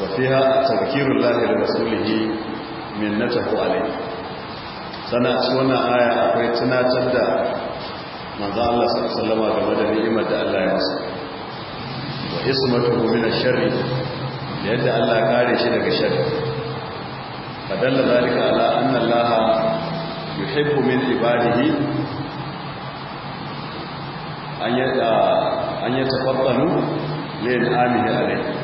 Safiha. تذكير الله لرسوله منته akwai tunatar da manzo Allah game da ni'imar da Allah ya masa wa kare shi daga sharri fadalla zalika ala anna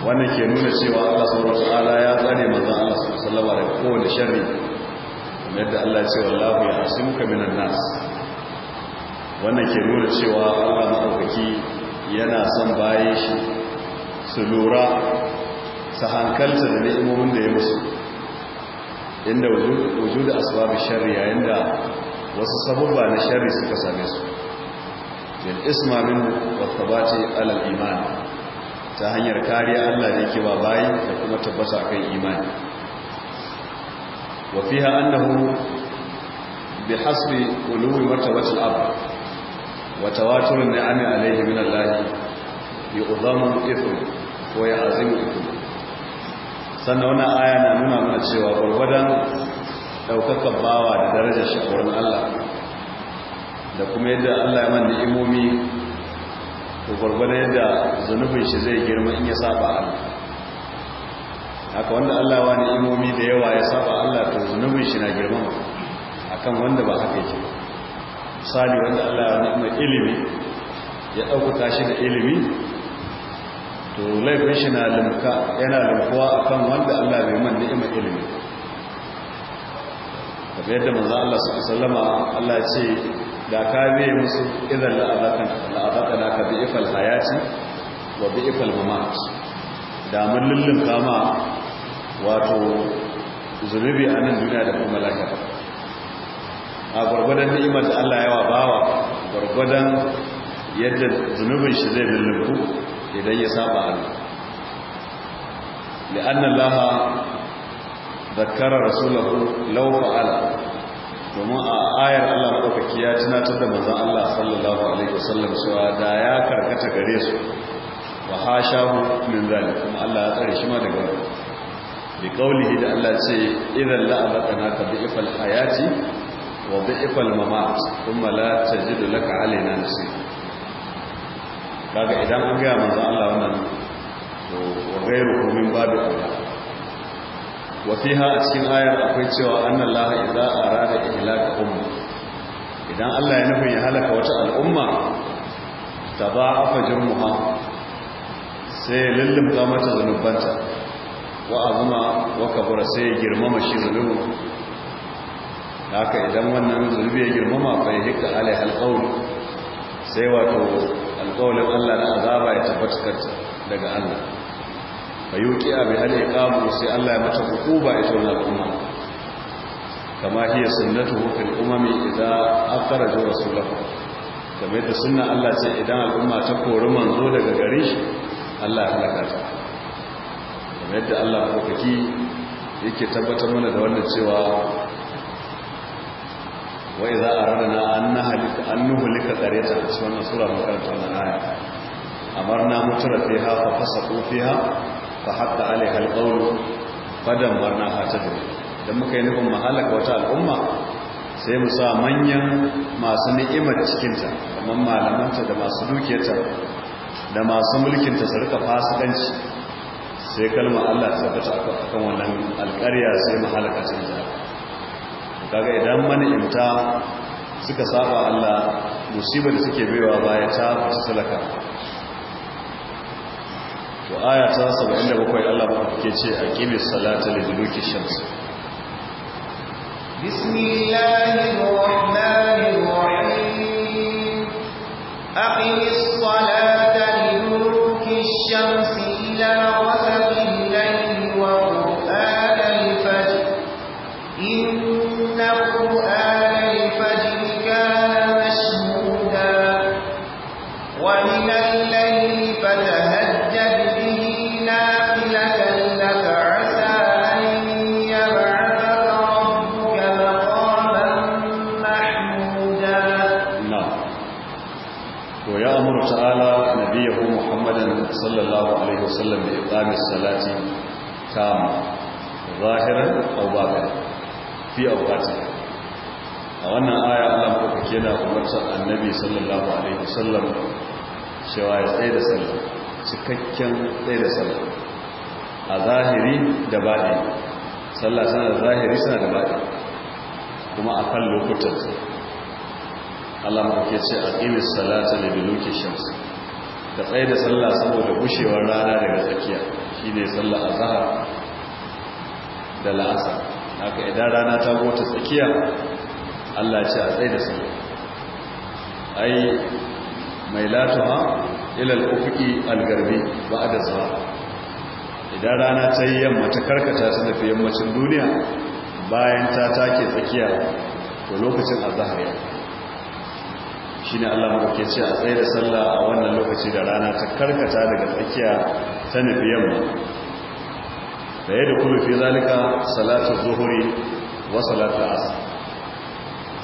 wannan ke nuna cewa Allah subhanahu wataala ya tsare manzon Allah sallallahu alaihi daga kowane sharri yadda Allah ya ce wallahu ya asimuka minan nasu. wannan ke nuna cewa Allah madaukaki yana son baye shi su lura su hankalta da ni'imomin da ya musu inda da asbabi shari yayin da wasu sababba na sharri suka same su bil isma min wa thabati alal imani. ta hanyar kariya Allah da yake ba bayi da kuma tabbata kan imani wa fiha annahu bihasbi ulumi martabatil ab wa tawatur ni'ami alayhi min Allah yu'zamu ithmu wa ya'zimu ithmu sannan wannan aya na nuna mana cewa gurbadan daukakan bawa da darajar shi Allah da kuma yadda Allah ya man ni'imomi to gwargwada yadda zunubin shi zai girma in ya saba Allah haka wanda Allah wani imomi da yawa ya saba Allah to zunubin shi na girma akan wanda ba haka yake misali wanda Allah ya nuna ilimi ya ɗaukuta shi da ilimi to laifin shi na limka yana limkuwa akan wanda Allah bai man ni'ima ilimi kamar yadda manzo Allah sallallahu alaihi Allah ya ce da ka zai musu idan la'azaka na ka bi'ifal hayati wa bi'ifal mamat da mun lullun kama wato zunubi a nan duniya da kuma lahira a gwargwadon ni'imar da Allah yawa bawa gwargwadon yadda zunubin shi zai lullunku idan ya saba Allah li'anna laha ذكر rasulahu لو fa'ala domin a ayar Allah madaukaki ya tunatar da mazan Allah sallallahu alaihi wasallam cewa da ya karkata gare su wa hashahu min zali kuma Allah ya tsare shi ma daga wannan bi qawlihi da Allah ce idan la abadana ka bi ifal hayati wa bi ifal mamat kuma la tajidu laka alaina nasir kaga idan an ga manzon Allah wannan to wa ghayru min babu aula wafiha a cikin ayar akwai cewa annan laha idza arada ihlaka umma idan Allah ya nufin ya halaka wata al'umma tabaafa ba, sai lullumta mata zanubanta wa azuma wa kabura sai ya girmama shi zanubin haka idan wannan zunubi ya girmama fa yahika alai alqawl sai wato alqawlin Allah da azaba ya tabbatar daga Allah fayuki abi al-iqamu sai Allah ya mata hukuma ita wannan al'umma kama hiya sunnatuhu fil umami idza akhraju rasulahu kama ita sunan Allah ce idan al'umma ta kori manzo daga gari Allah ya halaka ta kama yadda Allah kokaki yake tabbatar mana da wannan cewa wai wa idza aradna an nahlika an nuhlika qaryatan cikin wannan sura mun karanta wannan aya amarna mutrafiha fa fasaqu fiha fa hatta alaiha alqawlu fadan barna hatahu dan muka yi nufin mahalaka wata al'umma sai mu sa manyan masu ni'imar cikinta kamar malamanta da masu dukiyarta da masu mulkin ta sarka fasikanci sai kalmar Allah ta tabbata akan wannan alƙarya sai mahalaka ta ta kaga idan mana'imta suka saba Allah musibar da suke baiwa baya ta fita talaka aya ta 77 Allah ba ke ce a salata li duluki shams bismillahir rahmanir rahim aqimis salati tamma zahiran aw batinan fi awqati a wannan aya Allah ko kake na umarsan annabi sallallahu alaihi wasallam cewa ya tsaye da salati cikakken tsaye da salati a zahiri da batin sallah sana da zahiri sana da batin kuma a kan lokutan Allah ma kake ce aqimis salata li dunuki shams ka tsaye da sallah saboda gushewar rana daga tsakiya shi ne sallar azahar da la'asar haka idan rana ta wata tsakiya allah ce a tsaye da su ai mai latuwa ilal ufuki algarbi ba da zuwa idan rana ta yi yamma ta karkata ta tafi yammacin duniya bayan ta take tsakiya to lokacin azahar ya shine Allah madauke ce a tsaye da sallah a wannan lokaci da rana ta karkata daga tsakiya ta nufi yamma da yadda kuma fi zalika salatu zuhuri wa salatu asr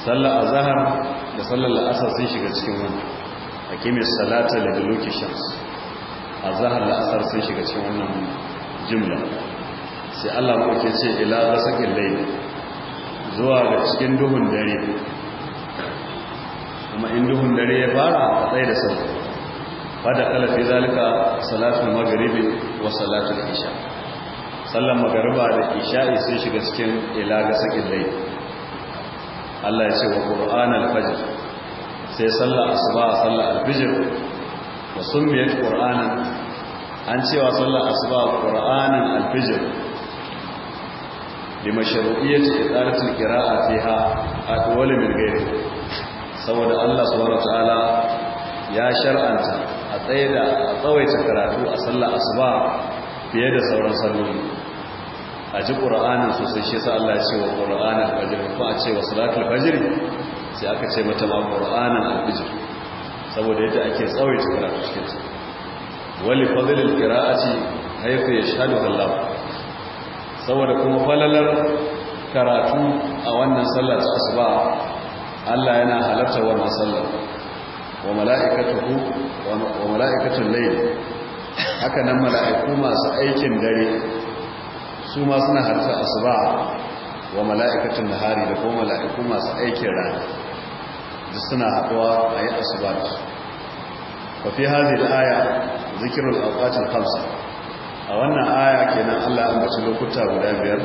A zahar da sallar la'asar sun shiga cikin wannan akimi salata da duluki shams zahar la'asar sun shiga cikin wannan jimla. sai Allah madauke ce ila rasakin layl zuwa ga cikin duhun dare amma in duhun dare ya fara a tsaye da sau fada kala fi zalika salatul maghribi wa salatul isha sallan magariba da isha'i sun shiga cikin ilaga sakin dai Allah ya ce wa qur'an al-fajr sai sallar asuba a sallar al-fajr wa summiyat qur'anan an cewa sallar asuba qur'anan al-fajr bi mashru'iyyati idaratul qira'a fiha atwal min ghairihi saboda Allah subhanahu ta'ala ya shar'anta a tsaye da a tsawaita karatu a sallar asuba fiye da sauran salloli a ji qur'anin sosai shi yasa Allah ya ce wa qur'anil fajr ko a ce wa salatul fajr sai aka ce mata ma qur'anin al-fajr saboda yadda ake tsawaita karatu cikin sa wali fadlil qira'ati haythu yashhadu Allah saboda kuma falalar karatu a wannan sallar asuba Allah yana halarta wa masallar wa mala’ikatu wa mala’ikatun layl haka nan mala'iku masu aikin dare su ma suna halarta asuba wa mala'ikatul nahari da kuma mala'iku masu aikin rana da suna haɗuwa a yi asuba da su fa fi hadhihi da aya zikirar alƙacin Kamsa a wannan aya kenan Allah ya ambaci lokuta guda biyar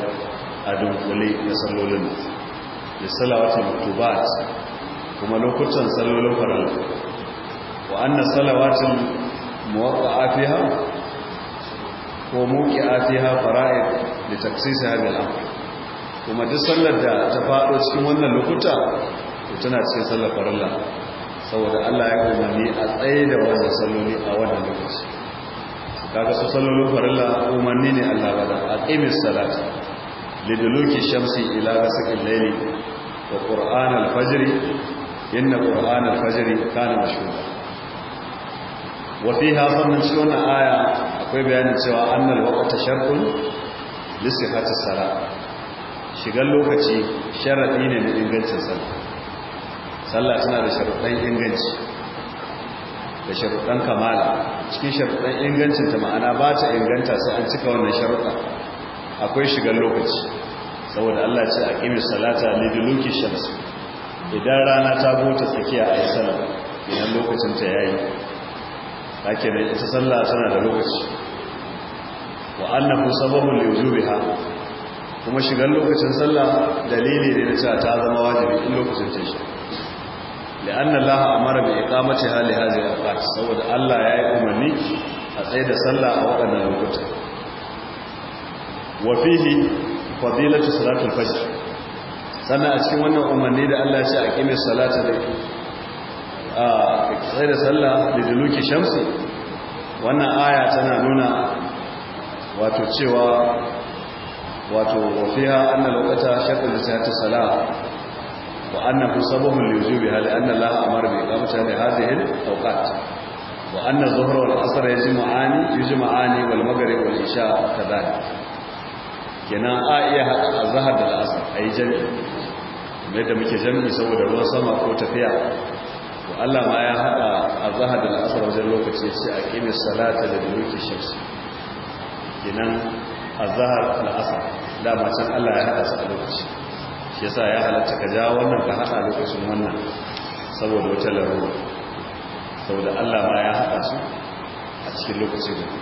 a dunkule na sallolin nasu da salawatul maktubat kuma lokutan sallolin farilla wa anna salawatul muwaqqa'a fiha ko muqi'a fiha fara'id li taksisi hadha al-amr kuma duk sallar da ta fado cikin wannan lokuta to tana cikin sallar farilla saboda Allah ya umarni a tsaye da wannan salloli a wannan lokaci kaga su sallolin farilla umarni ne Allah bada aqimis salatu. liduluki shamsi ila gasakin laili wa ƙur'an alfajiri inna ƙur'an alfajiri kana mashuda wafi hasan nan ci wannan aya akwai bayanin cewa annal waqta shartun li sihhati salat shigar lokaci sharadi ne na ingancin sallah tana da sharuɗan inganci da sharuɗan kamala cikin sharuɗan ingancin ma'ana ba ta inganta sai an cika wannan sharuɗa akwai shigar lokaci saboda Allah ce a ƙimis salata luki shams idan rana ta bota tsakiya a sallah idan lokacin ta yayi ake da ita sallah tana da lokaci wa annahu sababun wujubiha kuma shigar lokacin sallah dalili ne da cewa ta zama wajibi in lokacin ta shi la'anna Allah amara bi iqamati hali hadhihi al-awqat saboda Allah ya yi umarni a tsaye da sallah a waɗannan lokutan wafihi fihi fadilatu salatul fajr sannan a cikin wannan umarni da Allah ya ce aqimis salata da a sai da sallah da duluki shamsi wannan aya tana nuna wato cewa wato wafiha anna lokata shaqqa salatu salah wa annahu sababun liwujubi hal anna Allah amara bi iqamati hadhihi al-awqat wa anna adh-dhuhra wal 'asra yajma'ani yajma'ani wal maghrib wal isha kadhalik kenan a iya haɗa azhar da la'asar a yi jami'i mai da muke jami saboda ruwan sama ko tafiya to Allah ma ya haɗa azhar da la'asar wajen lokaci sai a kimis salata da duluki shamsi kenan azhar la'asar dama can Allah ya haɗa su a lokaci shi yasa ya halatta ka ja wannan ka haɗa lokacin wannan saboda wata larura saboda Allah ma ya haɗa su a cikin lokaci guda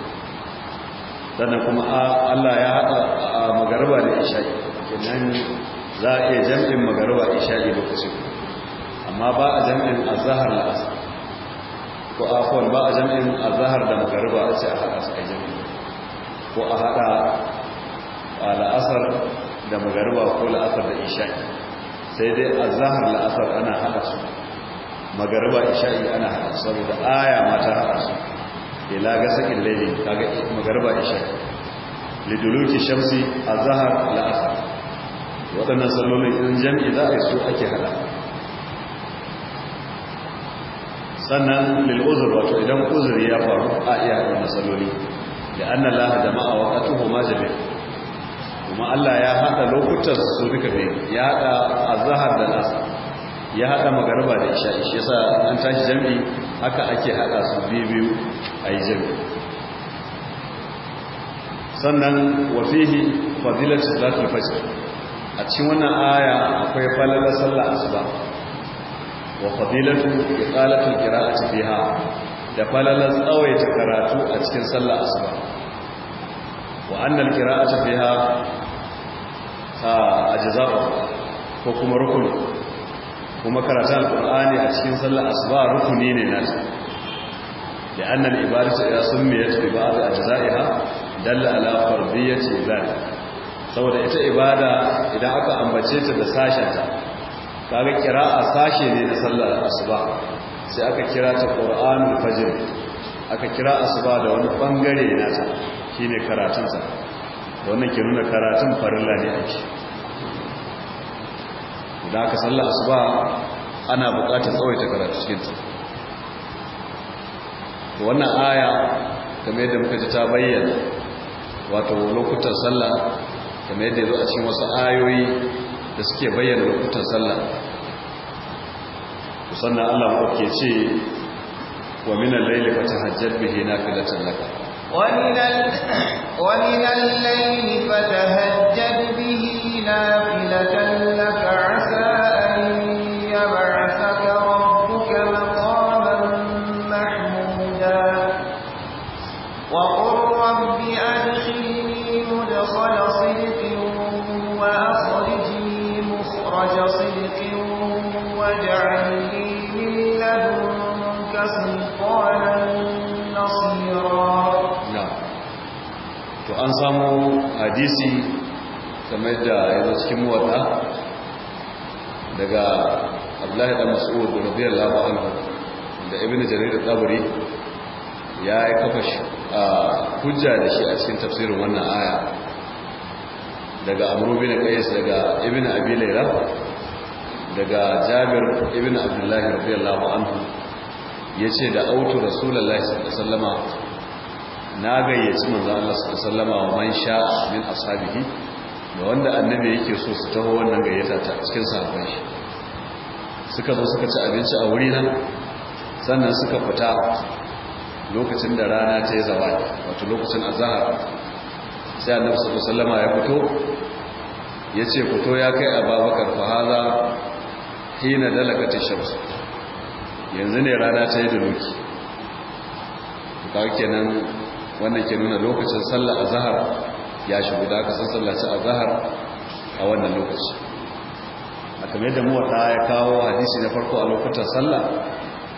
sannan kuma Allah ya haɗa a magarba da isha'i kenan za a iya jam'in da isha'i lokacin amma ba a jam'in azahar la'asar ko ba a jam'in da magarba a a haɗa su a jam'in ko a haɗa la'asar da magarba ko la'asar da isha'i sai dai azahar la'asar ana haɗa su ana haɗa saboda aya ma ta haɗa su ila eh, ga sakin laili kaga magarba isha liduluki shamsi azhar la asr wadannan sallolin in jami'i za a yi su ake hada sannan lil uzr wato idan uzuri ya faru a iya hada salloli da anna allaha jama'a waqatuhu ma jami'a kuma Allah ya hada lokutan su duka ne ya hada azhar da asr ya haɗa magaraba da isha ishe sa an tashi jami'i haka ake haɗa su biyu biyu a yi jami'i sannan wafihi fadilar salatul fajr a cikin wannan aya akwai falalar sallah asuba wa fadilatu iqalatul qira'ati fiha da falalar tsawaita karatu a cikin sallah asuba wa annal qira'atu fiha a ajza'u ko kuma rukunin. kuma karatun alkur'ani a cikin sallar asuba rukuni ne na da annal ibadatu ya summiyat bi ba'd ajza'iha dalla ala fardiyyati ibada saboda ita ibada idan aka ambace ta da sashenta kaga a sashe ne na sallar asuba sai aka kira ta qur'anul fajr aka kira asuba da wani bangare na ta shine karatun sa wannan ke nuna karatun farilla ne ake da aka sallar asuba ana buƙatar tsawaita karatu cikinta wannan aya kamar yadda muka ji ta bayyana wato lokutan sallah kamar yadda zo a cikin wasu ayoyi da suke bayyana lokutan sallah sannan Allah ke ce wa minan laili fatahajjat bihi nafilatan laka wani minal laili fatahajjat bihi nafilatan an samu hadisi kamar da ya zo cikin muwata daga abdullahi da mas'ud radiyallahu anhu da ibn jarir al-tabari ya yi kafa hujja da shi a cikin tafsirin wannan aya daga amru bin qais daga Ibn abi layla daga jabir ibn abdullahi radiyallahu ya yace da autu rasulullahi sallallahu alaihi wasallama na gayyaci manzo Allah sallallahu alaihi wa man sha min ashabihi da wanda annabi yake so su taho wannan gayyata ta cikin sahabbai suka zo suka ci abinci a wuri nan sannan suka fita lokacin da rana ta yi zawali wato lokacin azhar sai annabi sallallahu alaihi ya fito ya ce fito ya kai ababakar haza hina dalakati shamsu yanzu ne rana ta yi da doki ka kenan wannan ke nuna lokacin a zahar ya shigo da aka san sallaci azhar a wannan lokaci a kamar yadda muwaɗa ya kawo hadisi na farko a lokutan sallah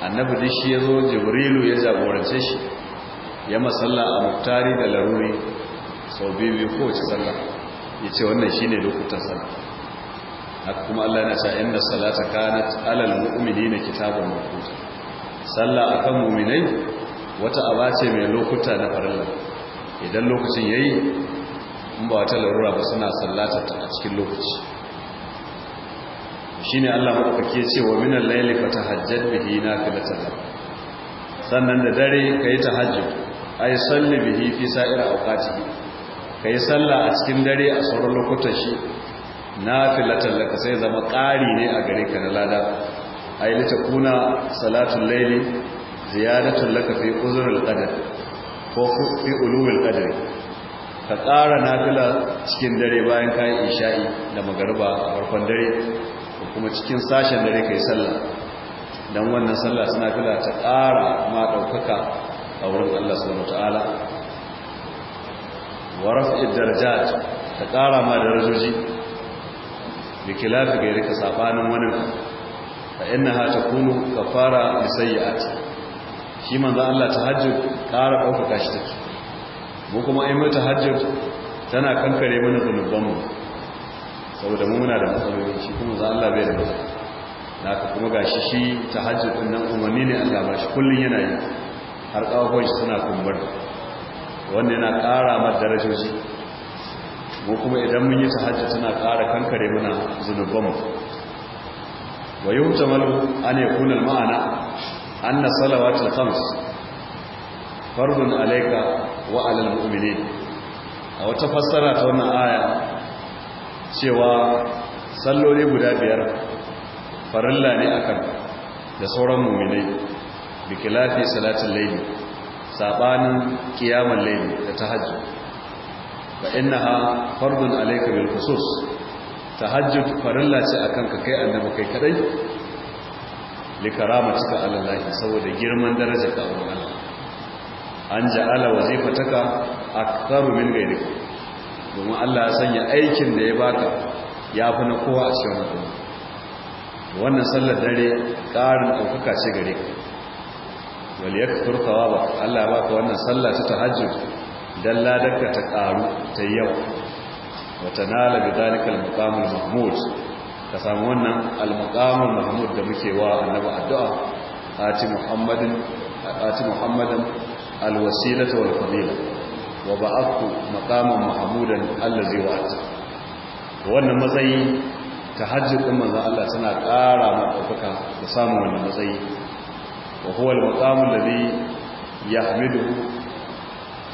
annabi da shi ya zo jibrilu ya jagorance shi ya masalla a muktari da laruri sau biyu biyu kowace sallah ya ce wannan shi ne lokutan sallah haka kuma allah na sa'in da salata kanat alal mu'mini na kitabun mafuta sallah a kan muminai wata aba ce mai lokuta na farilla idan lokacin yayi in ba wata larura ba suna sallata ta a cikin lokaci shine Allah madaukake ce wa laili fata hajjar bihi na filata? sannan da dare ta hajji a yi salli bihi fi sa'ir ka yi salla a cikin dare a sauran lokutan shi na nafilatan ka sai zama ƙari ne a gare ka na lada ay litakuna salatun laili. ziyaratun laka fi uzurul qadar ko fi ulul qadar ka ƙara nafila cikin dare bayan kayan isha'i da magariba a farkon dare ko kuma cikin sashen dare kai sallah dan wannan sallah suna fila ta ƙara ma ɗaukaka a wurin Allah subhanahu wataala wa raf'i darajat ta ƙara ma darajoji bi khilafi gairika sabanin wannan fa innaha takunu kafara a sayyi'ati shi za Allah ta Hajji ƙara ɗaukaka shi take mu kuma ai ta Hajji tana kankare mana zunuban mu saboda mu muna da matsaloli shi kuma za Allah bai da na ka kuma gashi shi ta Hajji ɗin nan umarni ne Allah ba shi Kullum yana yi har kawai shi suna kumbar wanda yana ƙara mar darajoji mu kuma idan mun yi ta Hajji tana ƙara kankare mana zunuban mu wa yuhtamalu an yakuna al-ma'ana anna salawatul khams fardun alayka wa alal mu'minin a wata fassara ta wannan aya cewa salloli guda biyar farilla ne akan da sauran mu'minai bi khilafi salatul layli sabanin qiyamul layli da tahajjud fa innaha fardun alayka bil khusus tahajjud farilla ce akan ka kai annabi kai kaɗai? cika alallahi saboda girman daraja ta wurin Allah an ja'ala wazifataka karu min ghayrika domin Allah ya sanya aikin da ya baka yafi na kowa a cikin mutum wannan sallar dare ƙarin ɗaukaka ce gare ka wal yakthur thawaba Allah ya baka wannan sallar ta tahajjud dan ladarka ta ƙaru ta yau wa tanala bi dhalikal maqamul mahmud ka samu wannan almaqamul mahmud da muke wa annabi addu'a ati muhammadin ati muhammadan alwasilata wal fadila wa ba'athu maqaman mahmudan allazi wa'ata wannan matsayi tahajjudin manzon Allah suna ƙara mafaka da samun wannan matsayi wa huwa al-maqamul ladhi yahmiduhu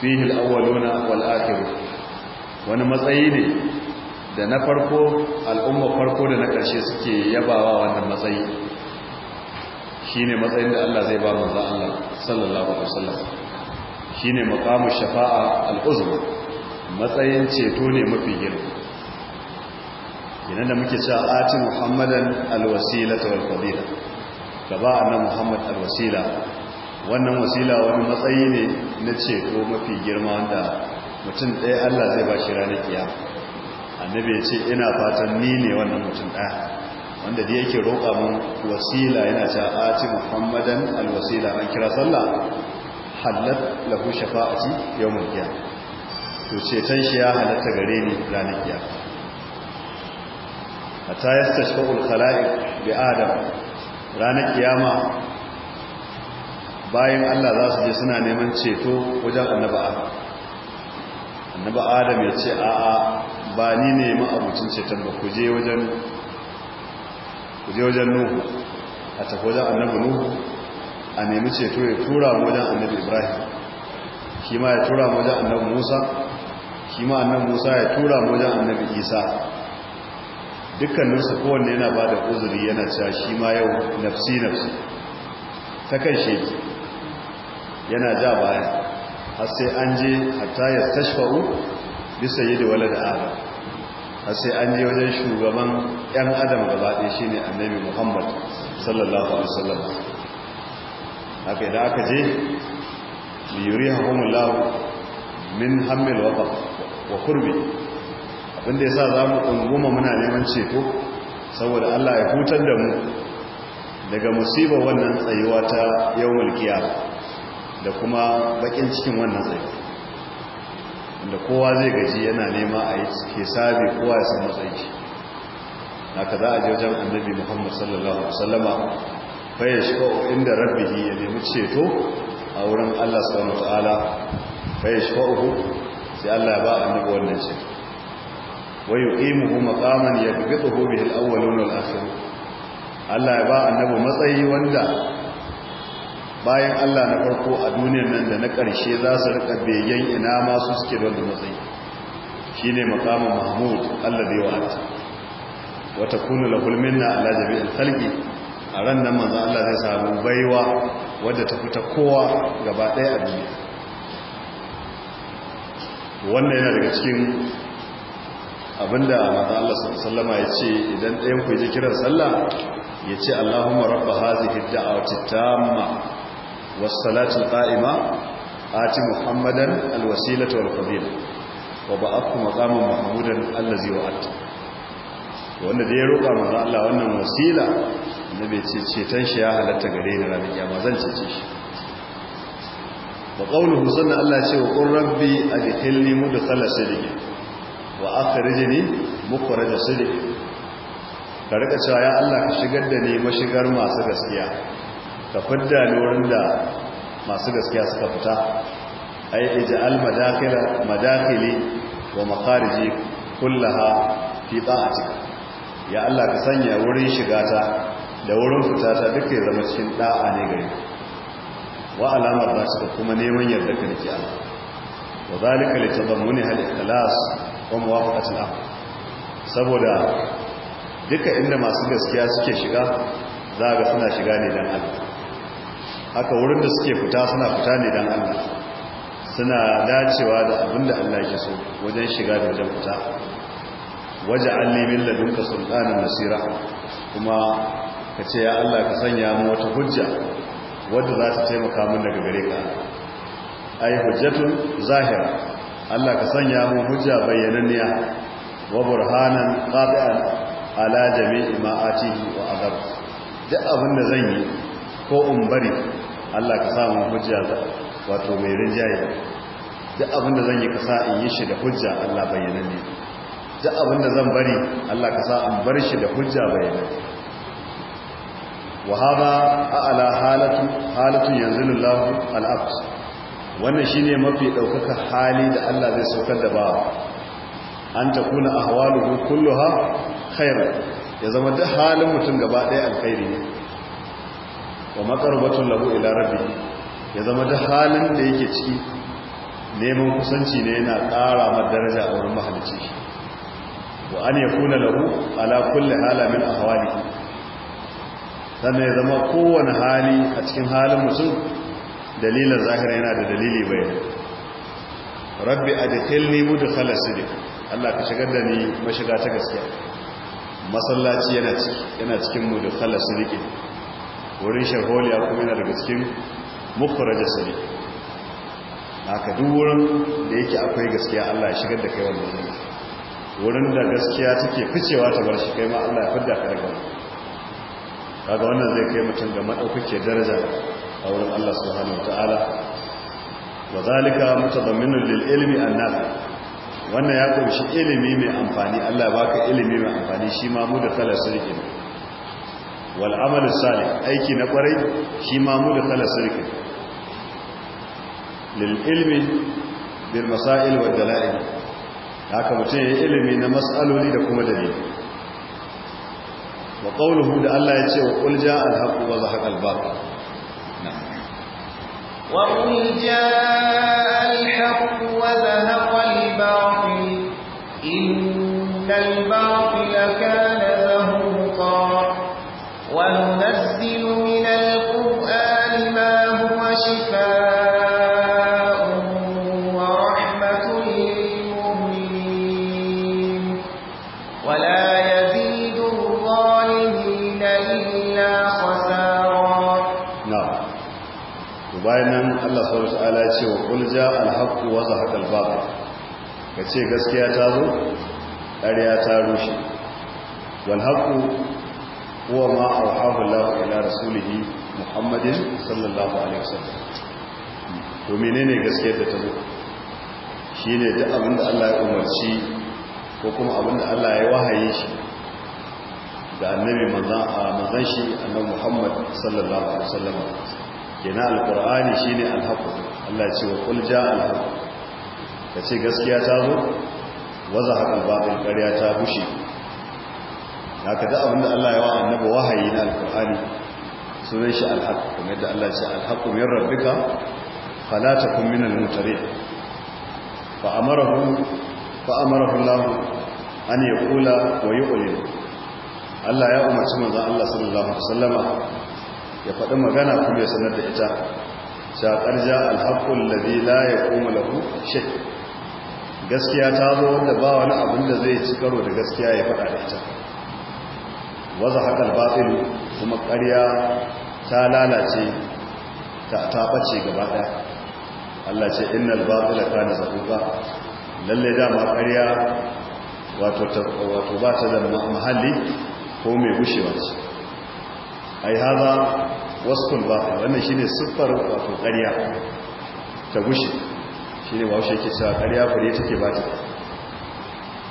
fihi al-awwaluna wal wani matsayi ne da na farko al'umma farko da na ƙarshe suke yabawa wannan matsayi shine matsayin da Allah zai ba manzan Allah sallallahu alaihi wasallam shine ne makamun shafa'a al'uzma matsayin ceto ne mafi girma yana da muke cewa ati muhammadan alwasila ta walfadila gaba a nan muhammad alwasila wannan wasila wani matsayi ne na ceto mafi girma wanda mutum ɗaya Allah zai ba shi ranar kiyama annabi ya ce ina fatan ni ne wannan mutum ɗaya wanda da yake roƙa mun wasila yana ce muhammadan alwasila an kira sallah halat lahu shafa'ati yawmul qiyamah to ceton shi ya halatta gare ni ranar kiyama hatta yastashfa'ul khala'iq bi adam ranar kiyama bayan Allah za su je suna neman ceto wajen annabi Adam annabi Adam ya ce a'a ba ni ne ma'abucin ceton ba ku je wajen nuhu a tafi wajen annabi nuhu a nemi ceto ya tura wajen annabi ibrahim shi ma ya tura wajen annabi musa shi ma annabi musa ya tura wajen annabi isa dukkaninsu kowanne yana ba da uzuri yana cewa shi ma yau nafsi-nafsi ta kan sheki yana ja baya har sai an je hatta ya tashfa'u bisa yi da wale da adam a sai an je wajen shugaban 'yan adam gabaɗe shi ne annabi muhammad sallallahu alaihi sallam haka idan aka je liyuri hakumullahu min hamil wa kurbi abinda ya sa za mu ɗunguma muna neman ceto saboda allah ya hutar da mu daga musiba wannan tsayuwa ta yawon kiyar da kuma bakin cikin wannan tsayuwa da kowa zai gaji yana nema a yi sabi kowa ya samu tsaiki ka za a ji wajen annabi muhammad sallallahu alaihi wasallama bai shi ko inda rabbihi ya nemi ceto a wurin allah subhanahu wataala bai shi ko sai allah ya ba annabi wannan ceto wa yuqimuhu maqaman yabghithu bihi al-awwaluna wal-akhirun allah ya ba annabi matsayi wanda bayan Allah na farko a duniyar nan da na ƙarshe za su rika begen ina masu suke wanda matsayi shi ne makamun mahmud Allah da yawa ta wata kunu lahul minna ala jami'il khalqi a ran nan manzo Allah zai samu baiwa wadda ta fita kowa gaba ɗaya a duniya wannan yana daga cikin abinda manzo Allah Sallama ya ce idan ɗayan ku ji kiran sallah ya ce Allahumma rabba hazihi da'awati tamma والصلاة القائمة آت محمدا الوسيلة والفضيلة وبعثت مقاما محمودا الذي وعدت wanda da ya roƙa maza Allah wannan wasila annabi ce ceton shi ya halatta gare ni ranar kiyama zan cece shi wa qawluhu sanna Allah ce wa qur rabbi adkhilni mudkhala sidq wa muku mukhraja sidq ka rika cewa ya Allah ka shigar da ni mashigar masu gaskiya ka fadda ne wurin da masu gaskiya suka fita a yi ij'al al madakili wa makariji kullaha fi ya Allah ka sanya wurin shigata da wurin fitata duk ya zama cikin da'a ne gari wa alamar ba su kuma neman yadda ka nake ala wa zalika li tadammuni hal ikhlas wa saboda duka inda masu gaskiya suke shiga za ga suna shiga ne don Allah haka wurin da suke fita suna fita ne don Allah suna dacewa da abin da Allah ke so wajen shiga da wajen fita waje an nemin ladunka sultanin nasira kuma ka ce ya Allah ka sanya mu wata hujja wadda za ta taimaka mun daga gare ka yi hujjatun zahira Allah ka sanya mu hujja bayyananniya wa burhanan qati'an ala jami'i ma'atihi wa adab duk abin da zan yi ko in bari Allah ka sa mun hujja wato mai rinjaye duk abin da zan yi kasa in yi shi da hujja Allah bayyana ne duk abin da zan bari Allah ka sa in bar shi da hujja bayyana wa hada a'la halatu halatu yanzilu Allah al-abd wannan shine mafi daukaka hali da Allah zai saukar da ba. an takuna ahwaluhu kulluha khairan ya zama duk halin mutum gaba ɗaya alkhairi ne wa makarbatun labu ila Rabi ya zama da halin da yake ciki neman kusanci ne yana ƙara madaraja a wurin mahalicci wa an kuna labu ala kulli hala min hawali sannan ya zama kowane hali a cikin halin mutum dalilin zahira yana da dalili bai rabbi da mudkhala sidq Allah ka shigar da ni mashiga ta gaskiya masallaci yana cikin mu mudkhala sidq wurin sharholiya kuma yana daga cikin mukhraja sani haka duk wurin da yake akwai gaskiya Allah ya shigar da kai wannan wurin da gaskiya suke ficewa ta bar shi kai ma Allah ya fidda ka gaba. kaga wannan zai kai mutum ga ke daraja a wurin Allah su wataala wa zalika mutadamminun lil ilimi annafi wannan ya ƙunshi ilimi mai amfani Allah baka ilimi mai amfani shi ma mu da kalar sirri ne wal amal aiki na kwarai shi ma mu da kala sirki lil ilmi bil masail wal dalail haka mutum ya ilimi na mas'aloli da kuma dalili wa qawluhu da Allah ya ce wa qul jaa bayan Allah subhanahu wataala ya ce wa qul jaa al-haqqu wa zahaqa al-batil gaskiya ta zo ƙarya ta rushe wal haqqu huwa ma awhahu Allah ila rasulihi Muhammadin sallallahu alaihi wasallam to ne gaskiyar da ta zo ne duk abinda Allah ya umarci ko kuma abinda Allah ya wahaye shi da annabi manzan shi annabi Muhammad sallallahu alaihi wasallam kenan alqur'ani shine alhaq Allah ce wa qul jaa alhaq kace gaskiya ta zo waza hakan batil ƙarya ta bushe haka da abinda Allah ya wa annabi wahayi na alqur'ani sunan shi alhaq kuma yadda Allah ya ce alhaq min rabbika fala takun minal mutarin fa amarahu fa amarahu Allah an yaqula wa yu'lin Allah ya umarci manzon Allah sallallahu alaihi wasallama ya faɗi magana kuma ya sanar da ita shaƙar ja alhaƙun lazi la ya kuma lahu shek gaskiya ta zo wanda ba wani abin da zai ci karo da gaskiya ya faɗa da ita waza haƙar batsilu kuma ƙarya ta lalace ta ɓace gaba ɗaya Allah ce innal batsila kana zahuqa Lallai dama ƙarya wato wato ba ta da mahalli ko mai gushewa ce ai haza wasful ba wannan shine siffar wato ƙarya ta gushi shine ba shi yake cewa ƙarya fure take ba ta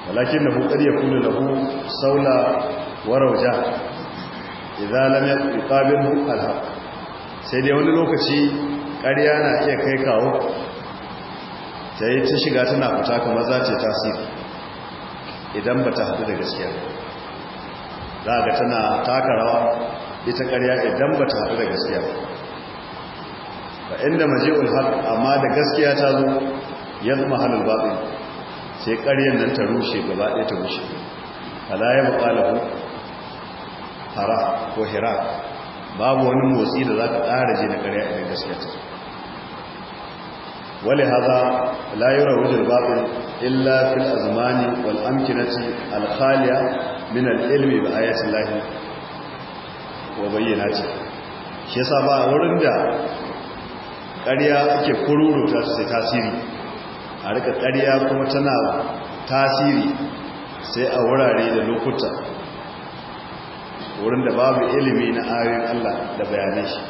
walakin lahu ƙarya kullu lahu saula wa rauja idza lam yuqabilhu alhaq sai dai wani lokaci ƙarya na iya kai kawo ta yi ta shiga tana fita kamar za ta tasiri idan ba ta haɗu da gaskiya za ga tana taka rawa ita ƙarya idan ba ta haɗu da gaskiya ba inda maji'ul haq amma da gaskiya ta zo yadda mahalul baɗi sai ƙaryar nan ta rushe gaba ɗaya ta rushe ala ya buƙalahu hara ko hira babu wani motsi da za ka ƙara je na ƙarya idan gaskiya ta zo wale haza la yura wujul baɗin illa fil azmani wal amkinati al khaliya min al ilmi bi ayati llahi wa bayyana ce shi yasa ba wurin da ƙarya ake kururuta sai tasiri a rika ƙarya kuma tana tasiri sai a wurare da lokuta wurin da babu ilimi na ayoyin Allah da bayanai shi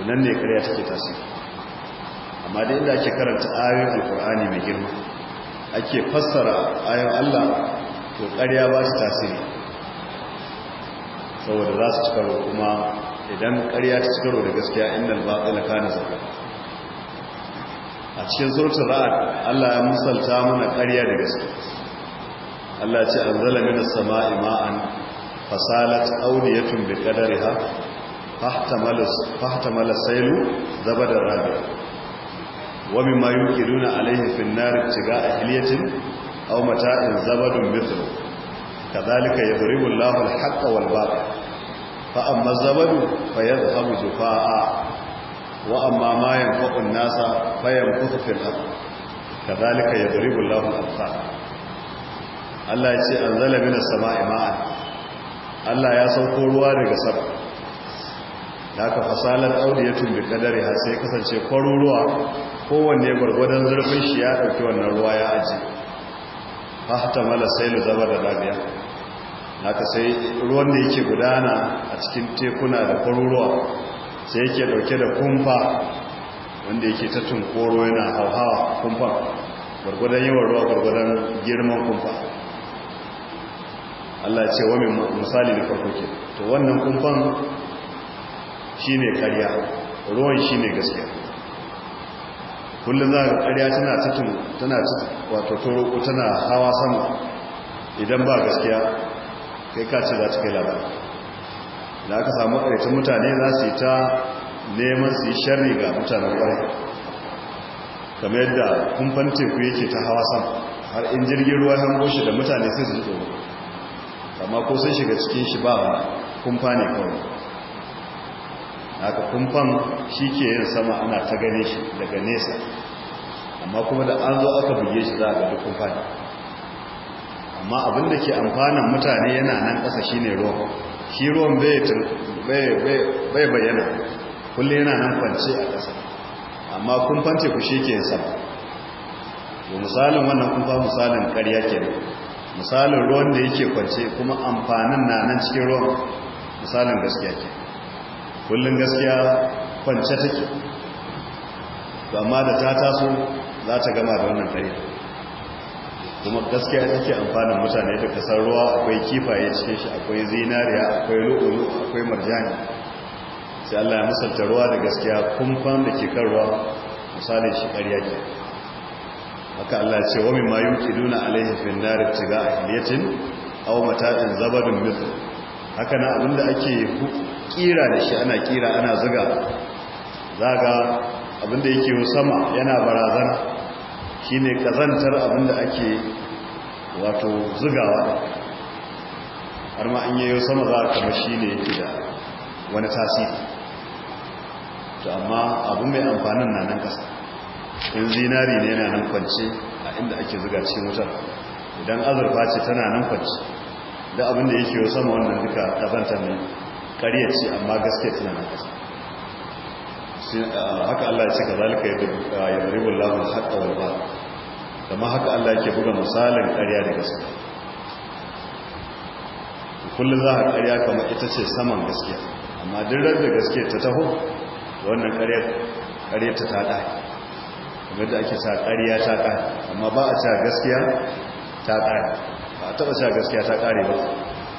to nan ne ƙarya take tasiri amma da inda ake karanta ayoyin alkur'ani mai girma ake fassara ayoyin Allah to ƙarya ba su tasiri saboda za su cikaro kuma idan karya ta cikaro da gaskiya inda albatila kana zaka a cikin sautin ra'ad Allah ya musalta mana karya da gaskiya Allah ce an zala minas sama'i ima'an fasalat audiyatun bi qadariha fahtamala sailu zabadar rabi wa mimma yuqiduna alayhi fi finnar ciga a ahliyatin au mata'in zabadun mithluhu كذلك يضرب الله الحق والباطل فأما الزبد فيذهب جفاء وأما ما ينفق الناس فينفق في الأرض كذلك يضرب الله الأمثال Allah ya ce an zala mina sama'i ma'an Allah ya sauko ruwa daga sama da aka fasalar audiyatun bi kadari har sai kasance faru-ruwa. kowanne gwargwadon zurfin shi ya ɗauki wannan ruwa ya aji ta mala sai da zama da dabiya haka sai ruwan da yake gudana a cikin tekuna da kwaruruwa sai yake dauke da kumfa wanda yake ta tunkoro yana hauhawa kumfa gwargwadon yawan ruwa gwargwadon girman kumfa Allah ce wa misali da farko ke to wannan kumfan shi ne karya ruwan shi ne gaskiya kullum za ka karya tana tana wato toro tana hawa sama idan ba gaskiya kai ka ce za su kai labari da aka samu ƙarancin mutane za su yi ta neman su yi sharri ga mutanen ƙwarai kamar yadda kumfan teku yake ta hawa sama har in jirgin ruwa hango shi da mutane sai su tsoro amma ko sai shiga cikin shi ba kumfa ne kawai haka kumfan shi ke yin sama ana ta gane shi daga nesa amma kuma da an zo aka buge shi za a ga duk kumfa ne amma abin da ke amfanan mutane yana nan ƙasa shi ne ruwan shi ruwan bai bayyana kulle yana nan kwance a ƙasa amma kun ku shi ke sama to misalin wannan kun fa misalin ƙarya ke misalin ruwan da yake kwance kuma amfanin na nan cikin ruwan misalin gaskiya ke kullum gaskiya kwance take amma da ta taso za ta gama da wannan ƙarya kuma gaskiya take amfanin mutane da kasar ruwa akwai kifaye cikin shi akwai zinariya akwai lu'ulu akwai marjani sai Allah ya misalta ruwa da gaskiya kumfan da ke kan ruwa misali shi ƙarya ke haka Allah ce wa mimma yuqiduna alaihi fi an-nar tiga ahliyatin aw mata'in zabadun mithl haka na abinda ake kira da shi ana kira ana zuga zaga abinda yake sama yana barazana shi ne kazantar abin da ake wato zugawa har ma an yayo sama za a kama shi ne da wani tasiri to amma abin mai amfanin na nan kasa. in zinari ne yana nan kwance a inda ake zuga cikin wutar idan azurfa ce tana nan kwance da abin da yake sama wannan duka kazantar ne kariya ce amma gaske tana nan kasa ah, haka Allah ya ce ka zalika ya bari wallahu ah, haƙa wal ba kamar haka Allah yake buga misalin ƙarya da gaskiya kullum za a ƙarya kamar ita ce saman gaskiya amma dirar da gaskiya ta taho wannan ƙarya ta taɗa kamar da ake sa ƙarya ta ƙari amma ba a cewa gaskiya ta ƙari ba a taɓa cewa gaskiya ta ƙari ba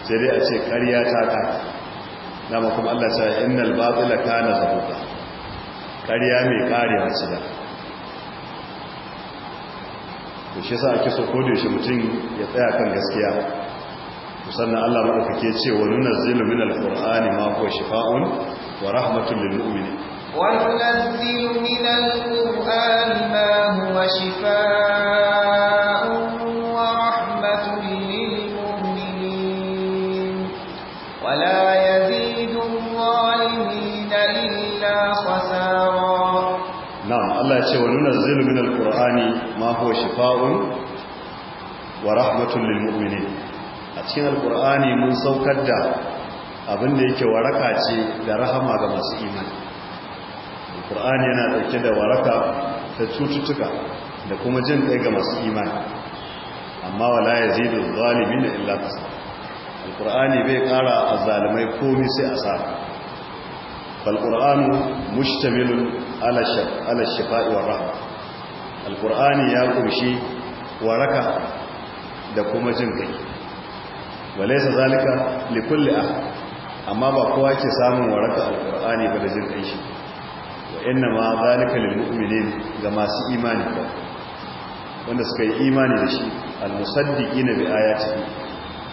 sai dai a ce ƙarya ta ƙari dama kuma Allah ta yi innal batila kana zabuka ƙarya mai ƙari a da. to shi yasa ake so ko shi mutum ya tsaya kan gaskiya sannan Allah ke ce wa nunazzilu minal qur'ani ma huwa shifaa'un wa rahmatun lil mu'minin wa nunazzilu minal qur'ani ma huwa shifaa'un Allah ce wa nuna nunazzilu minal qur'ani ma huwa shifaa'un wa rahmatun lil mu'minin a cikin alqur'ani mun saukar da abin da yake waraka ce da rahama ga masu imani alqur'ani yana ɗauke da waraka ta cututtuka da kuma jin kai ga masu imani amma wala yazidu zalimin illa kasara alqur'ani bai kara azzalimai komai sai a asara فالقرآن مشتمل على الشفاء والرحمة القرآن يقول شيء وركع دكوم جنكي وليس ذلك لكل أحد أما بقوة سام وركع القرآن بل جنكي شيء وإنما ذلك للمؤمنين كما سيماني wanda suka yi imani da shi al-musaddiqina bi ayatihi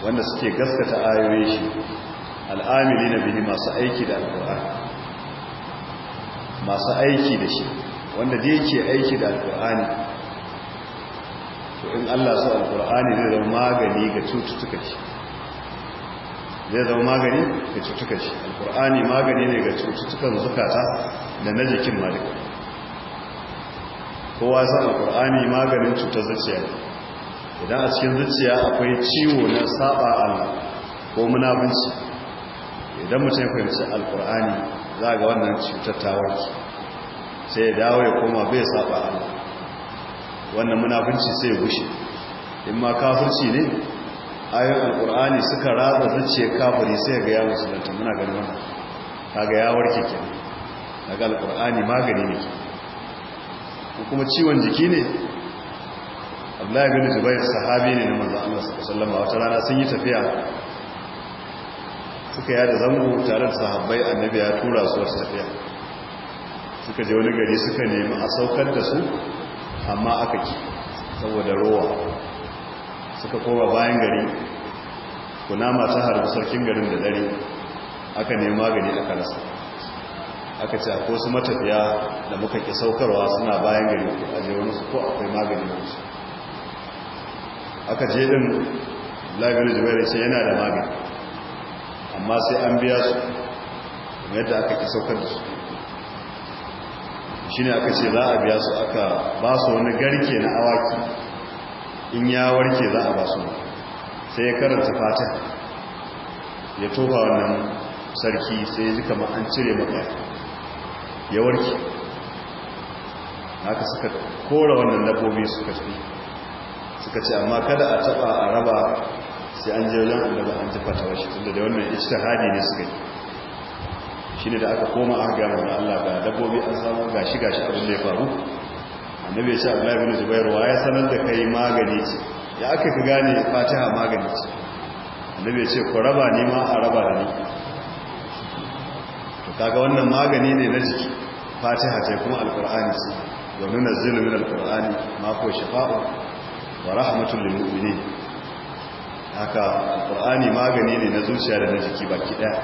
wanda suke gaskata ayoyin shi al-amilina bihi masu aiki da alqur'ani masu aiki da shi wanda da yake aiki da alkur'ani in Allah su alkur'ani zai zama magani ga cututtuka shi zai zama magani ga cututtuka shi alkur'ani magani ne ga cututtukan zukata da na jikin malik kowa sa alkur'ani maganin cutar zuciya idan a cikin zuciya akwai ciwo na saba Allah ko munafunci idan mutum ya fahimci alkur'ani za ga wannan cutar ta sai ya dawo ya koma bai saba Allah wannan munafinci sai ya gushe in ma kafirci ne ayoyin alkur'ani suka ratsa zuciya kafiri sai ga ya musulunta muna ganin wannan kaga ya warke ke daga alkur'ani magani ne ko kuma ciwon jiki ne Abdullahi bin Zubair sahabi ne na manzo Allah sallallahu alaihi wata rana sun yi tafiya suka yada zango tare da sahabbai annabi ya tura su wasu tafiya suka je wani gari suka nemi a saukar da su amma aka ki saboda rowa suka koma bayan gari kunama ta harbi sarkin garin da dare aka nemi magani aka rasa aka ce ko su matafiya da muka ki saukarwa suna bayan gari a je wani su ko akwai magani da su aka je din labirin jibairu ce yana da magani amma sai an biya su yadda aka ki saukar da su shi ne aka ce za a biya su aka ba su wani garke na awaki in ya warke za a ba su sai ya karanta fata ya tofa wannan sarki sai ya zika an cire maka ya warke haka suka kora wannan dabbobi suka ce amma kada a taba a raba sai an jirgin da ba an tafata ta shi tunda da wannan ijtihadi ne suka yi ne da aka koma a gama da Allah ga dabbobi an samu shiga shi abin da ya faru annabi ya ce Abdullahi bin Zubair wa ya sanar da kai magani ce ya aka ka gane Fatiha magani ce annabi ya ce ku raba ni ma a raba da ni to kaga wannan magani ne na jiki Fatiha ce kuma Alqur'ani ce wa nunazzilu min alqur'ani ma ko shifa'u wa rahmatul lil mu'minin haka alkur'ani magani ne na zuciya da na jiki baki ɗaya.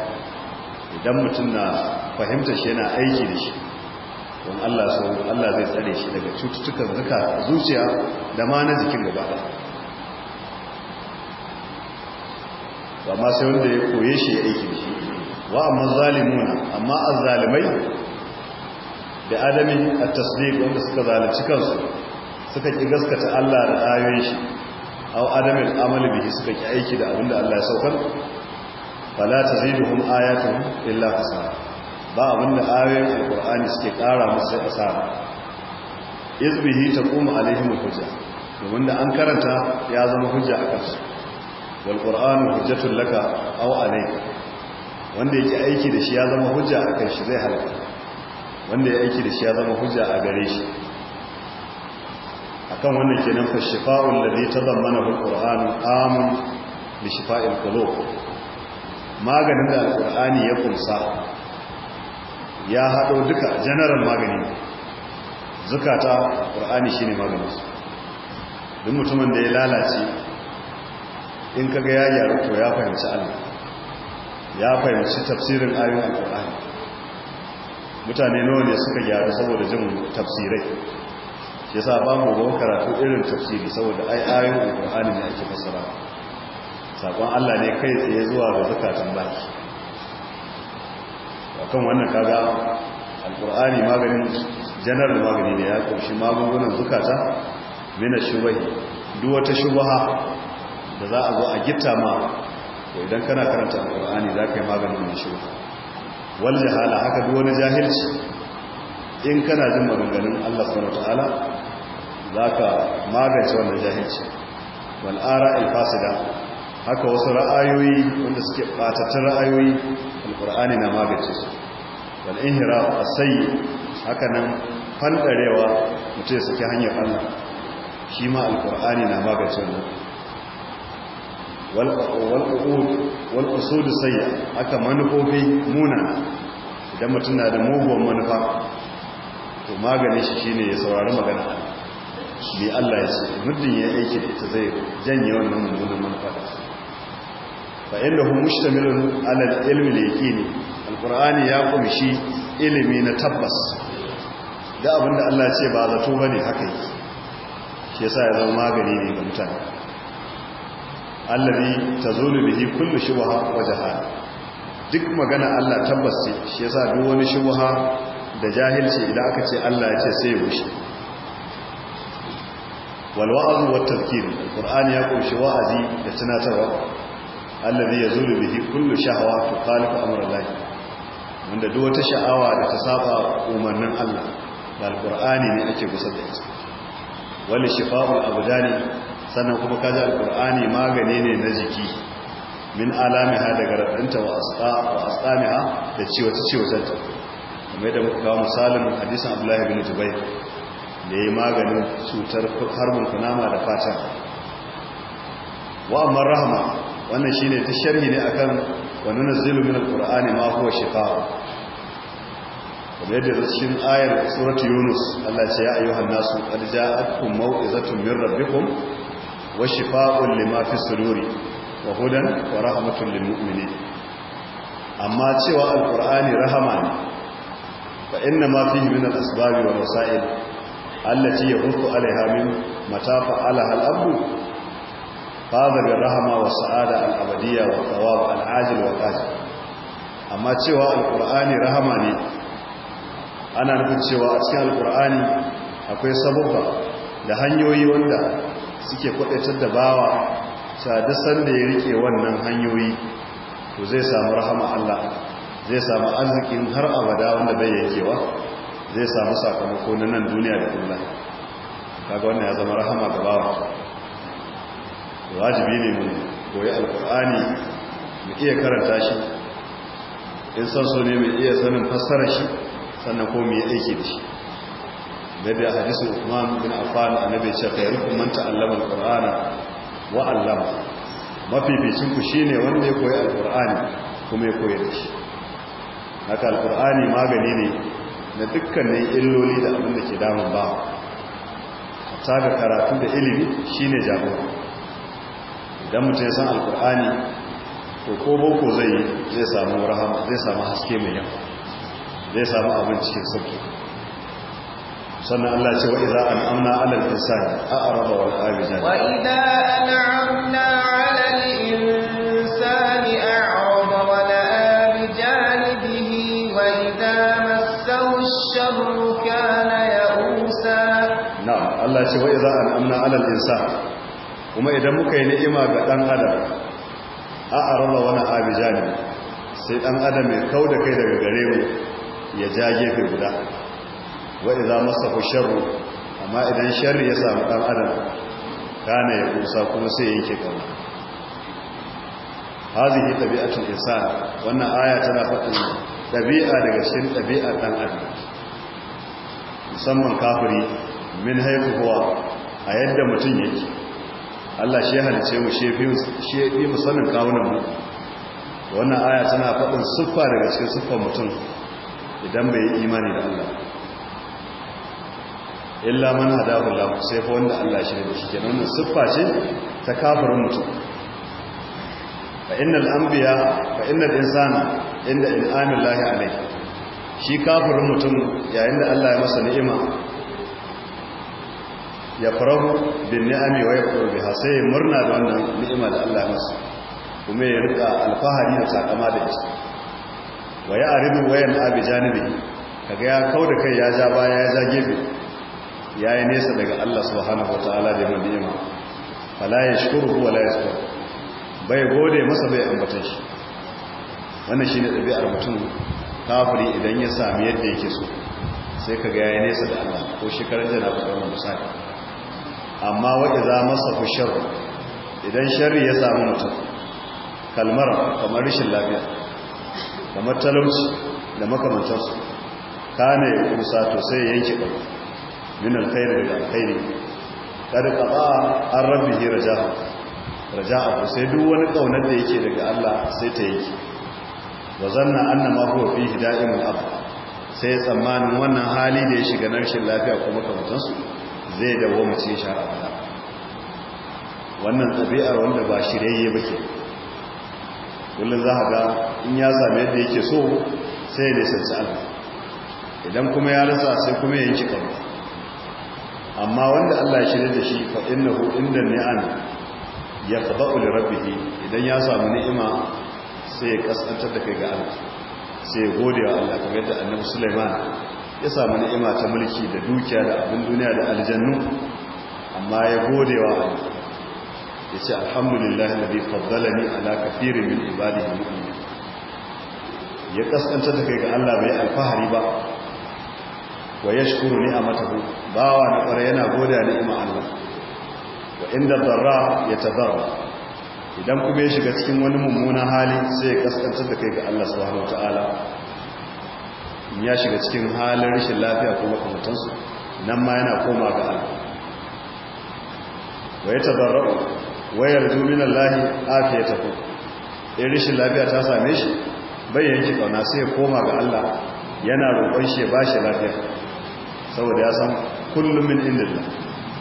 idan mutum na fahimta shi yana aiki da shi don Allah so Allah zai tsare shi daga cututtukan zuka zuciya da ma na jikin gaba ba ma sai wanda ya koye shi ya aiki da shi wa amma zalimuna amma azzalimai da adami a tasdiq wanda suka zalunci kansu suka ki gaskata Allah da ayoyin shi aw adamin amali bihi suka ki aiki da abinda Allah ya saukar fala taziduhum ayatun illa khasara ba abinda ayoyin alqur'ani suke kara musu sai asara izbihi taqumu alaihim hujja domin da an karanta ya zama hujja a kansu wal qur'anu hujjatun laka aw alayka wanda yake aiki da shi ya zama hujja a kan shi zai halaka wanda ya aiki da shi ya zama hujja a gare shi akan wannan kenan fa shifa'ul ladhi tadammanahu alquran amun bi shifa'il qulub maganin da alqurani ya kunsa ya hado duka general magani zukata shi shine maganin duk mutumin da ya lalace in kaga ya yi to ya fahimci Allah ya fahimci tafsirin ayoyin alqurani mutane nawa ne suka gyaru saboda jin tafsirai shi yasa ba mu ruwan karatu irin tafsiri saboda ai ayoyin alqur'ani ne ake fassara sakon Allah ne kai tsaye zuwa ga zakatun baki kan wannan kaga Alƙur'ani maganin janar magani ne ya ƙunshi magungunan zukata mina shubahi duk wata shubaha da za a zo a gita ma to idan kana karanta Alƙur'ani za ka yi maganin wannan shubaha wal jahala haka duk wani jahilci in kana jin maganganun Allah subhanahu za ka magance wannan jahilci wal'ara alfasida haka wasu ra'ayoyi wanda suke batattun ra'ayoyi alƙur'ani na magance su wal'inhira a sayi haka nan fanɗarewa mutu ya saki hanyar allah shi ma alƙur'ani na magance wannan wal'usudu sayi haka manufofi muna idan mutum na da muguwan manufa to maganin shi shine ya saurari magana bi Allah ya ce muddin ya aiki da ita zai janye wannan mummunan manufa da su fa inda hu mushtamilun ala ilmi da yake ne alqur'ani ya kunshi ilimi na tabbas da abinda Allah ya ce ba zato bane haka yake shi yasa ya zama magani ne ga mutane allazi tazulu bihi kullu shubha wa jahal duk magana Allah tabbas ce shi yasa duk wani shubha da jahilci idan aka ce Allah ya ce sai ya wuce wal wa'azu wat tadhkir qur'ani ya ƙunshi wa'azi da tunatarwa alladhi yazulu bihi kullu shahwa tuqalifu amra lahi wanda duk wata sha'awa da ta saba umarnin Allah da alqur'ani ne ake gusar da ita wal shifa'ul abdani sannan kuma kaji alqur'ani magani ne na jiki min alamiha daga radanta wa da ciwace ciwacenta da muka kawo misalin hadisin Abdullah ibn Jubair da ya maganin cutar harbin kunama da fata wa amma rahama wannan ne ta sharhi ne akan wa nunzilu min alqur'ani ma huwa shifaa kuma yadda cikin ayar surat yunus Allah ce ya ayyuhan kun qad ja'akum maw'izatun min rabbikum wa shifaa'un lima fi sururi, wa hudan wa rahamatun lil amma cewa alqur'ani rahama ne fa na mafi fihi min al wa wasa'il allaci ya rufu alaihamin matafa ala hal ba da rahama wa sa'ada al'abadiyya wa thawab al wa amma cewa Alƙur'ani rahama ne ana nufin cewa a cikin Alƙur'ani akwai sababba da hanyoyi wanda suke kwadaitar da bawa sadisan da ya rike wannan hanyoyi to zai samu rahama Allah zai samu arzikin har abada wanda bai yankewa zai samu sakamako na nan duniya da kullum kaga wannan ya zama rahama ga bawa wajibi ne mu koyi alkur'ani mu iya karanta shi in san so ne mu iya sanin fassara shi sannan ko mu yi aiki da shi da hadisi Uthman bin Affan annabi ce khairukum man ta'allama al wa 'allama mafificin ku shine wanda ya koyi al kuma ya koyi da shi haka al magani ne na dukkanin illoli da abinda ke damun ba ta ga karatu da ilimi shine jagora idan mutum ya san alkur'ani to ko boko zai zai samu rahama zai samu haske mai yau zai samu abin cikin sauki sannan Allah ce wa idza an'amna 'alal insani a'rada wa abijana wa an'amna 'alal ce wa idza an'amna 'alal insan kuma idan muka yi ni'ima ga dan adam a arada wani na'a jani sai dan adam ya kauda kai daga gare mu ya ja gefe guda wa idza masahu sharru amma idan sharri ya samu dan adam kana ya kusa kuma sai yake hazi hazihi tabi'atul insan wannan aya tana faɗin ɗabi'a daga cikin ɗabi'ar dan adam musamman kafiri min haifuwa a yadda mutum yake Allah shi halice mu shi ya fi musamman kawunan mu wannan aya tana faɗin siffa daga cikin siffar mutum idan bai yi imani da Allah illa man hadahu Allah sai fa wanda Allah shi da shi kenan wannan siffa ce ta kafirin mutum fa innal anbiya fa innal insana inda in'amillahi alayhi shi kafirin mutum yayin da Allah ya masa ni'ima ya farahu bin ni'ami wa yakfuru biha sai murna da wannan ni'ima da Allah masa kuma ya rika alfahari da sakama da ita wa ya aridu wa yan abi janibi kaga ya kauda kai ya ja baya ya ja gefe yayi nesa daga Allah subhanahu ta'ala da yawan ni'ima fala yashkuru wa la yaskur bai gode masa bai ambata shi wannan shine dabi'ar mutum kafiri idan ya sami yadda yake so sai kaga yayi nesa da Allah ko shekarar jana ba wannan misali amma wadda za masa ku sharri idan shari ya samu mutum kalmar kamar rashin lafiya kamar talauci da makamantarsu ka ne kusa to sai yanke ɗauki min alkhairi da alkhairi kada qada an rabbi rabbihi raja'a raja'a sai duk wani ƙaunar da yake daga Allah sai ta yake wa zanna anna ma mafi wafi da'imul ab sai tsammanin wannan hali da ya shiga na rashin lafiya kuma kamantarsu zai dawo mace shara ramadan wannan ɗabi'ar wanda ba shirye ba ke kullum za a ga in ya sami yadda yake so sai ne nisanci idan kuma ya rasa sai kuma yin kama amma wanda allah ya shirya da shi fa innahu inda ni'am ya qada'u li rabbihi idan ya samu ni'ima sai ya kasantar da kai ga Allah sai ya gode wa Allah kamar yadda Annabi Sulaiman ya samu ni'ima ta mulki da dukiya da abin duniya da aljannu amma ya gode wa ya ce alhamdulillah na bi faddalani ala kafirin min ibadihi mu'min ya kaskanta ta kai ga Allah bai alfahari ba wa yashkuru ni'amatahu bawa na kware yana godiya ni'ima Allah wa inda darra ya tadarra idan kuma ya shiga cikin wani mummunan hali sai ya kaskanta da kai ga Allah subhanahu in ya shiga cikin halin rashin lafiya ko makamantansu nan ma yana koma ga Allah wa ya tabarra'u wa lahi min ya tafi in rashin lafiya ta same shi bai yanke kauna sai ya koma ga Allah yana roƙon shi ya shi lafiya saboda ya san kullum min da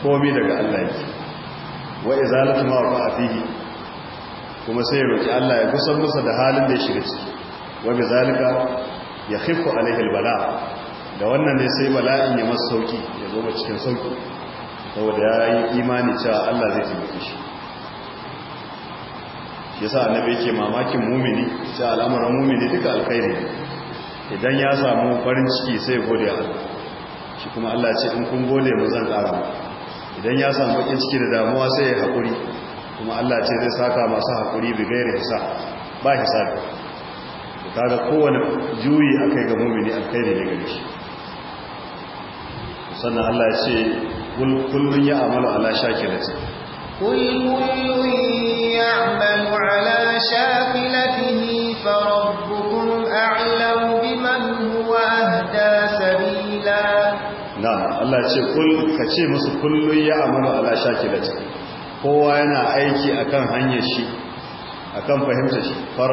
komi daga Allah yake wa izalatu ma wa fihi kuma sai ya roƙi Allah ya gusar masa da halin da ya shiga ciki wa zalika ya khifu alaihi bala da wannan ne sai bala'in ya masa sauki ya zo cikin sauki saboda ya yi imani cewa Allah zai taimake shi yasa annabi yake mamakin mumini cewa al'amuran mumini duka alkhairi idan ya samu farin ciki sai gode Allah shi kuma Allah ce in kun gode mu zan ƙara idan ya samu bakin ciki da damuwa sai ya haƙuri kuma Allah ce zai saka masu haƙuri bi gairi hisa ba hisabi to kaga kowane juyi akai ga mu'mini alkhairi ne gare shi sannan Allah ya ce kullum ya amalu ala shakilati sabila Allah ce ka kace masu kullum ya amalu ala shakilati kowa yana aiki akan hanyar shi akan fahimtar shi fa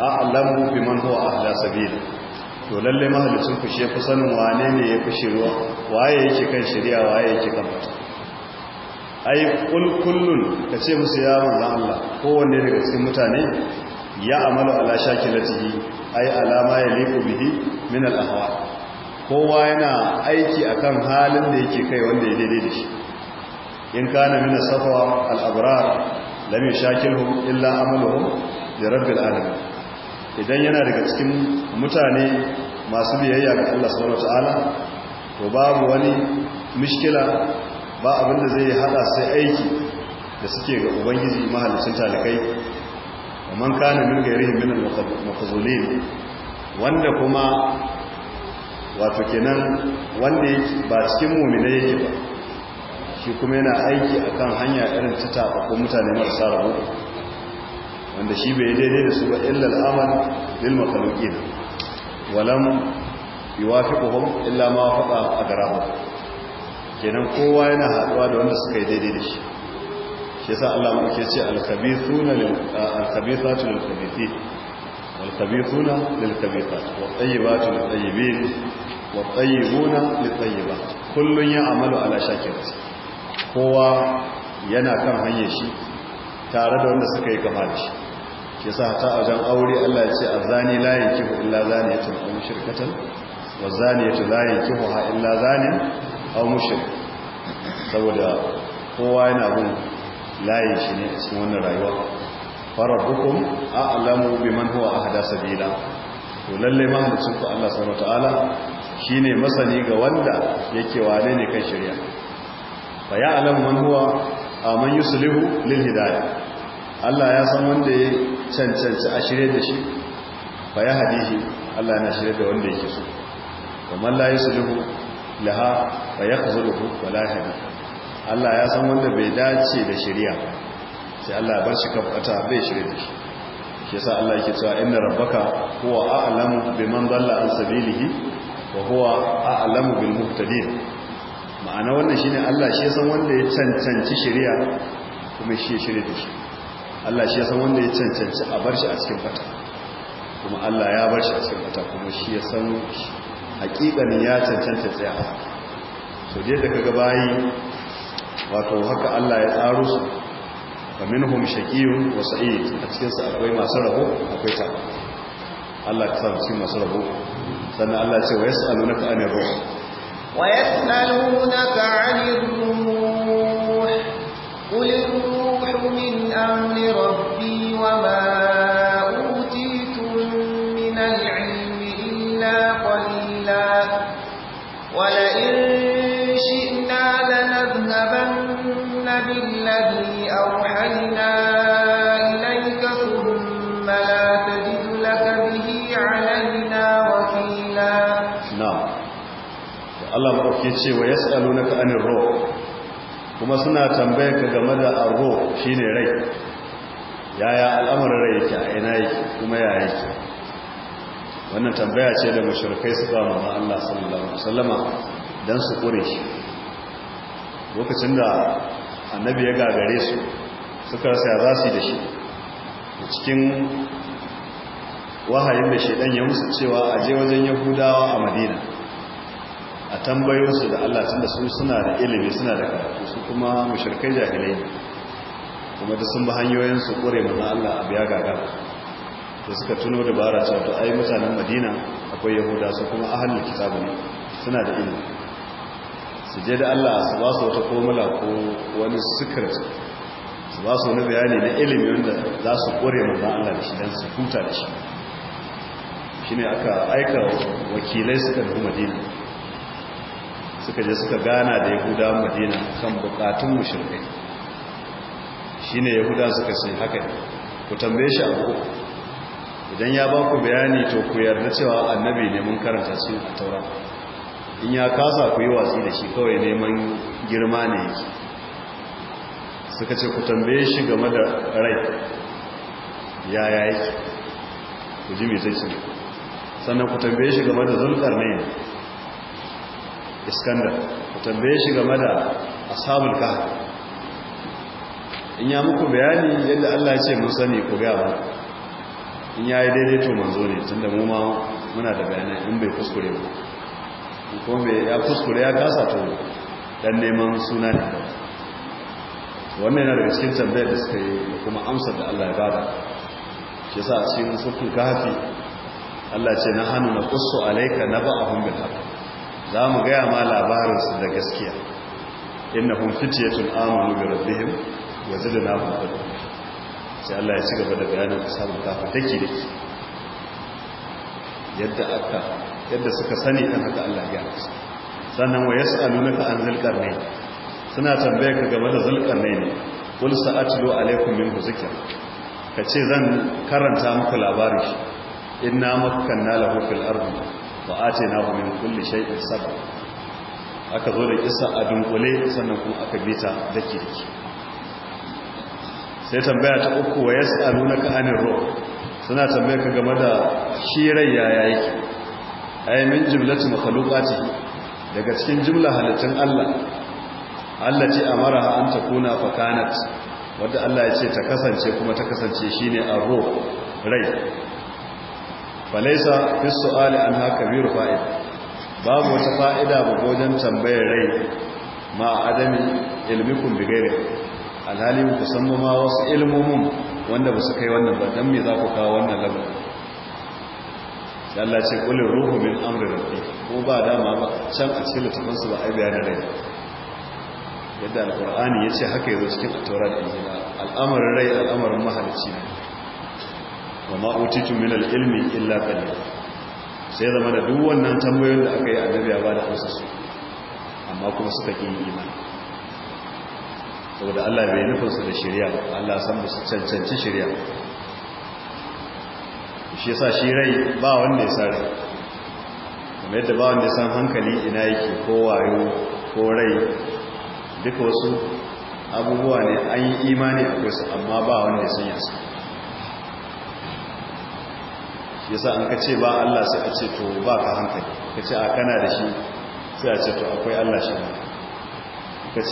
a'lamu man huwa ahla sabila to lalle mahallicin ku shi sanin wane ne ya kushe ruwa waye yake kan shari'a waye yake kan bata ai kul kullun ce musu ya manzo Allah kowanne daga cikin mutane ya amalu ala shakilatihi ai alama ya liku bihi min al ahwa kowa yana aiki akan halin da yake kai wanda ya daidai da shi in kana min safa al abrar lam yashakilhum illa amaluhum li rabbil alamin idan yana daga cikin mutane masu biyayya ga Allah subhanahu wataala to babu wani mishkila ba abin da zai hada sai aiki da suke ga ubangiji mahallicin talakai man kana min ghayrihim min al-mukhazulin wanda kuma wato kenan wanda ba cikin mu'mina yake ba shi kuma yana aiki akan hanya irin ta ko mutane marasa rabu wanda shi bai daidai da su ba illa al'amal lil makhluqin walam yuwafiquhum illa ma wafaqa agrahu kenan kowa yana haduwa da wanda suka yi daidai da shi shi yasa Allah muke ce al-khabithuna lil al-khabithatu lil khabithin wal khabithuna lil khabithat wat tayyibatu lil tayyibin wat tayyibuna lit tayyibat kullun ya'malu ala shakirati kowa yana kan hanyar shi tare da wanda suka yi gaba da shi ke sa ta jan aure Allah ce a zane layin kihu illa zane ya tun kuma shirkatan wa zane ya tun layin kihu ha illa zane au mushir saboda kowa yana bin layin shi ne a cikin wannan rayuwa farar hukum a alamu bi man huwa a hada sabila to lallai mahalicin ku Allah subhanahu ta'ala ne masani ga wanda yake wane ne kan shirya fa ya alamu man huwa man yuslihu lil hidayah Allah ya san wanda ya cancanci a shirye da shi fa ya hadihi Allah yana shirye da wanda yake so Kamar man la yuslihu laha fa yakhzuluhu wa la yahdi Allah ya san wanda bai dace da shari'a sai Allah bar shi kafata bai shirye da shi shi yasa Allah yake cewa inna rabbaka huwa a'lamu biman dalla an sabilihi wa huwa a'lamu bil muhtadin ma'ana wannan shine Allah shi ya san wanda ya cancanci shari'a kuma shi ya shirye da shi Allah shi ya san wanda ya cancanci a bar shi a cikin fata kuma Allah ya bar shi a cikin fata kuma shi ya san hakikanin ya cancanta tsaya a haka so je da kaga bayi wato haka Allah ya tsaro su wa minhum shaqiyun wa sa'id a cikin su akwai masu rabo akwai ta Allah ya san cikin masu rabo sannan Allah ya ce wa yas'alunaka anir ruh wa yas'alunaka anir ruh qul من أمر ربي وما أوتيتم من العلم إلا قليلا ولئن شئنا لنذهبن بالذي أوحينا إليك ثم لا تجد لك به علينا وكيلا نعم الله مرحبا يتشي ويسألونك عن الروح kuma suna tambayar ka game da arro shine rai yaya al'amarin rai yake a ina yake kuma ya yake wannan tambaya ce da mushrikai suka wa Allah sallallahu alaihi wasallam dan su kure shi lokacin da annabi ya gagare su suka rasa ya zasu da shi cikin wahayin da shedan ya musu cewa a je wajen yahudawa a madina a tambayo su da Allah tun da su suna da ilimi suna da karatu su kuma mushrikai jahilai ne kuma da sun ba hanyoyin su mana Allah a biya gaga da suka tuno dabara cewa to ai mutanen Madina akwai Yahuda su kuma ahalin kitabu ne suna da ilimi su je da Allah su ba su wata komula ko wani secret su ba su wani bayani na ilimi wanda za su kore mana Allah da shi dan su huta da shi shine aka aika wakilai suka tafi Madina suka je suka gana da yahuda madina kan bukatun mushrikai shine yahuda suka sai haka ne ku tambaye shi abu idan ya ba ku bayani to ku yarda cewa annabi ne mun karanta su a taura in ya kasa ku yi watsi da shi kawai neman girma ne yake suka ce ku tambaye shi game da rai yaya yake ku ji mai sannan ku tambaye shi game da zulkarnain ne iskandar ku tambaye shi game da asabul kahf in ya muku bayani yadda Allah ya ce mun sani ku ga ba in yayi daidai to manzo ne tunda mu ma muna da bayanai in bai kuskure ba ko bai ya kuskure ya kasa to dan neman suna ne wannan yana da cikin tambayar da suka yi da kuma amsar da Allah ya bada shi yasa cikin sukun kafi Allah ce na hannu na alaika na ba a bil haka. za mu gaya ma labarinsu da gaskiya inna hun fitiyatun amonu ga rabbihim wa zida na hukudu sai Allah ya ci gaba da bayanin samun kafa daki da ke yadda aka yadda suka sani kan haka Allah ya rasu sannan wa yas'alu naka an zulqarnain suna tambaye ka game da zulqarnain qul sa'atlu alaikum min zikr kace zan karanta muku labarin shi inna makkanna lahu fil ardi wa atainahu min kulli shay'in sabr aka zo da kissa a dunkule sannan kuma aka bita daki daki sai tambaya ta uku wa ka anir ruh suna tambaya ka game da shi rai yaya yake ay min jumlati makhluqati daga cikin jumla halittun Allah Allah ce amara an takuna fakanat Wadda Allah ya ce ta kasance kuma ta kasance shine a ruh rai falaisa fi su'ali an haka biyu fa'ida babu wata fa'ida ba wajen tambayar rai ma adami ilmikun bigare alhali ku ma wasu wanda ba su kai wannan ba don me za ku kawo wannan ce kulin ruhu min amri a cikin ba da rai yadda yace haka yanzu cikin taurat da al'amarin rai al'amarin mahalicci ne wa utitu min al-ilmi illa kalli sai zama da duk wannan tambayoyin da aka yi a ya ba da amsa su amma kuma suka ƙi imani saboda Allah bai nufin su da shari'a Allah san su cancanci shari'a shi yasa shi rai ba wanda ya sare kuma yadda ba wanda ya san hankali ina yake ko wayo ko rai duka wasu abubuwa ne an yi imani akwai su amma ba wanda ya san su shi yasa an kace ba Allah sai a ce to ba ka hankali kace a kana da shi sai a ce to akwai Allah shi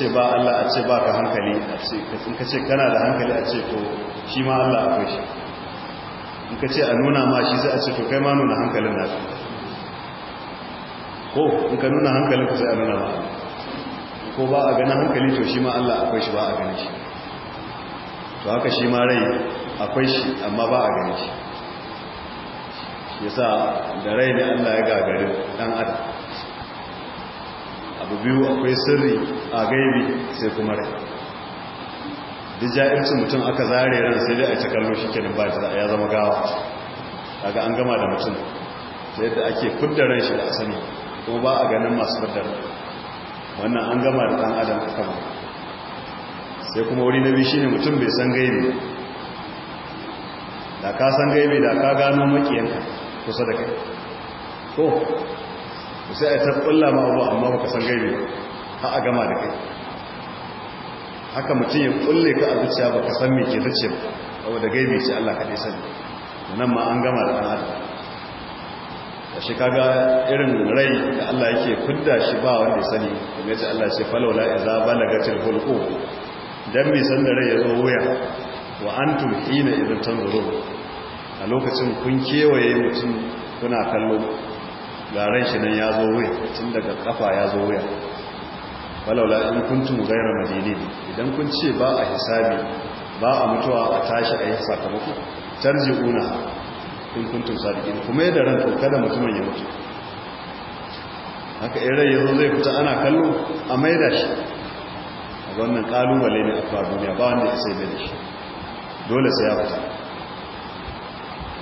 ne ba Allah a ce ba ka hankali in kace kana da hankali a ce to shi ma Allah akwai shi in kace a nuna ma shi sai a ce to kai ma nuna hankalin nasu ko in ka nuna hankalin ku sai a nuna ma ko ba a gani hankali to shi ma Allah akwai shi ba a gani shi to haka shi ma rai akwai shi amma ba a gani shi yasa da rai ne Allah ya gagari dan adam abu biyu akwai sirri a gaibi sai kuma rai duk ja'ircin mutum aka zare ran sai dai a ci kallo shi kenan ba ta ya zama gawa kaga an gama da mutum ta yadda ake kudda ran shi da asali kuma ba a ganin masu fidda wannan an gama da dan adam aka ba sai kuma wuri na biyu shine mutum bai san gaibi da ka san gaibi da ka gano makiyanka kusa da kai ko sai a ta kulla ma abu amma baka san gaibi ha a gama da kai haka mutum ya kulle ka a zuciya baka san me ke tace ba da gaibi ce Allah kaɗai sani nan ma an gama da ɗan shi kaga irin rai da Allah yake kudda shi ba wanda ya sani kuma yace Allah ce falawla iza balagatil hulqu dan me san da rai ya zo wuya wa antum hina idan tanzuru a lokacin kun kewaye mutum kuna kallo garan shi nan ya zo wuya tun daga kafa ya zo wuya walaula in kuntum gairar madini idan kun ce ba a hisabi ba a mutuwa a tashi a yi sakamako tarji'una in kuntum sadiqin kuma yadda ran to kada mutumin ya mutu haka irin ya zo zai fita ana kallo a maida shi a wannan kalubale ne a duniya ba wanda ya sai da shi dole sai ya fita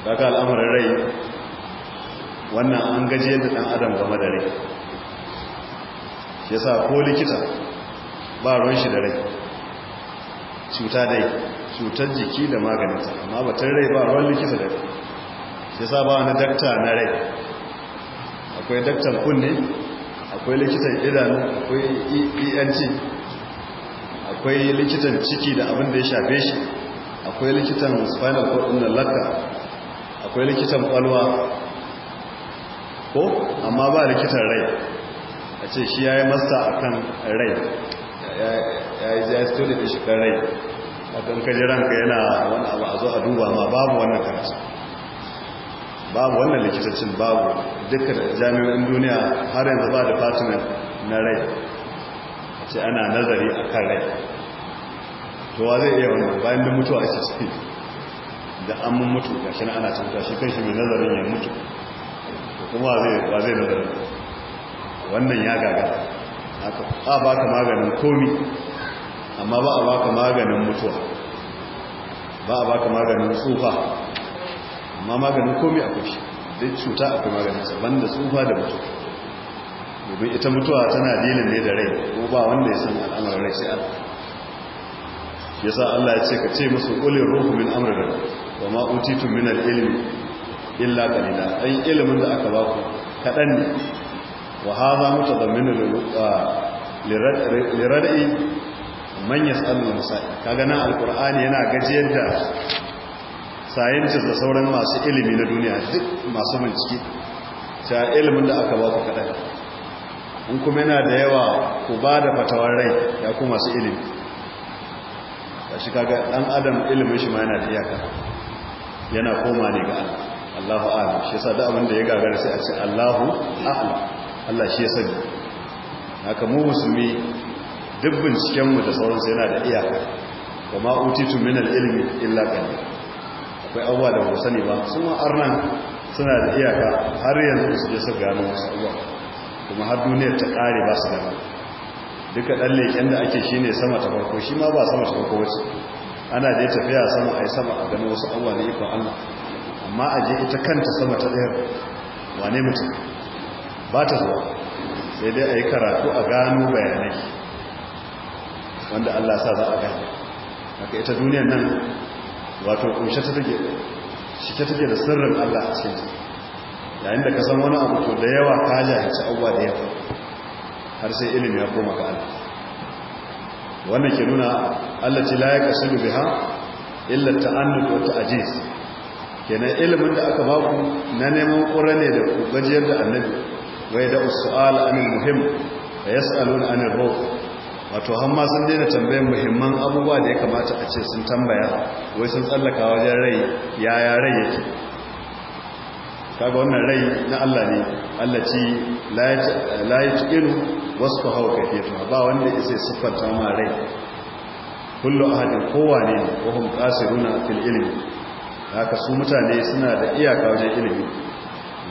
kaga al'amarin rai wannan an gaje da ɗan adam game da rai sa ko likita ba ruwan shi da rai cuta dai cutar jiki da maganinta amma batun rai ba ruwan likita da rai ya sa ba wani dakta na rai akwai daktar kunne akwai likitan idanu akwai ent akwai likitan ciki da abin da ya shafe shi akwai likitan spinal cord din lakka akwai likitan kwalwa ko amma ba likitan rai a ce shi ya yi masa a kan rai ya yi ya stole da shi kan rai a kan kaji ranka yana wani abu a zo a duba ma babu wannan karatu babu wannan likitacin babu duka da jami'in duniya har yanzu ba department na rai ce ana nazari a kan rai to wa zai iya wani bayan da mutuwa ake ciki da an mun mutu ga shi ana cuta shi kan shi mai nazarin ya mutu kuma ba zai nazarin wannan ya gagara a ba ka maganin komi amma ba a ba ka maganin mutuwa ba a ba ka maganin tsufa amma maganin komi akwai shi duk cuta akwai maganin saban da tsufa da mutuwa domin ita mutuwa tana dilin ne da rai ko ba wanda ya san al'amarin rai sai Allah yasa Allah ya ce ka ce musu ulil ruhu min amrika wa ma utitu min al-ilmi illa qalila yi ilimin da aka ba ku kadan ne wa hadha mutadammin lirad'i man yas'alu musa'i kaga nan qurani yana gajiyar da scientists da sauran masu ilimi na duniya duk masu bincike ta ilimin da aka ba ku kadan in kuma yana da yawa ku ba da fatawar rai ya ku masu ilimi shi kaga ɗan adam ilimin shi ma yana da iyaka yana koma ne ga Allah Allahu a'lam shi yasa da abin da ya gagara sai a ce Allahu a'lam Allah shi ya sani haka mu musulmi duk binciken mu da sauransu yana da iyaka wa ma utitu min al-ilmi illa qalil akwai abuwa da ba sani ba su ma arnan suna da iyaka har yanzu su je su gano wasu abuwa kuma har duniyar ta kare ba su gano duka dan leken da ake shine sama ta farko shi ma ba sama ta farko wace ana da tafiya sama a yi sama a gani wasu abuwa da ikon allah amma a je ita kanta sama ta ɗaya wane mutum ba ta zuwa sai dai a yi karatu a gano bayanai wanda allah sa za a gani haka ita duniyan nan wato kunshe ta take ta take da sirrin allah a cikin yayin da ka san wani abu to da yawa ka jahilci abuwa da yawa har sai ilimi ya koma ga allah wannan ke nuna allaci la yaqsidu biha illa ta'annud wa ta'jiz kenan ilimin da aka baku na neman kura ne da ku gajiyar da annabi wai da su'al anil muhim wa yas'aluna anil rawd wato hamma sun daina tambayar muhimman abubuwa da ya kamata a ce sun tambaya wai sun tsallaka wajen rai yaya rai yake kaga wannan rai na Allah ne Allah ci la wasu hawa kayfa ba wanda yake siffanta ma rai kullu ahadin kowane ne ko hum qasiruna fil ilmi haka su mutane suna da iyaka wajen ilimi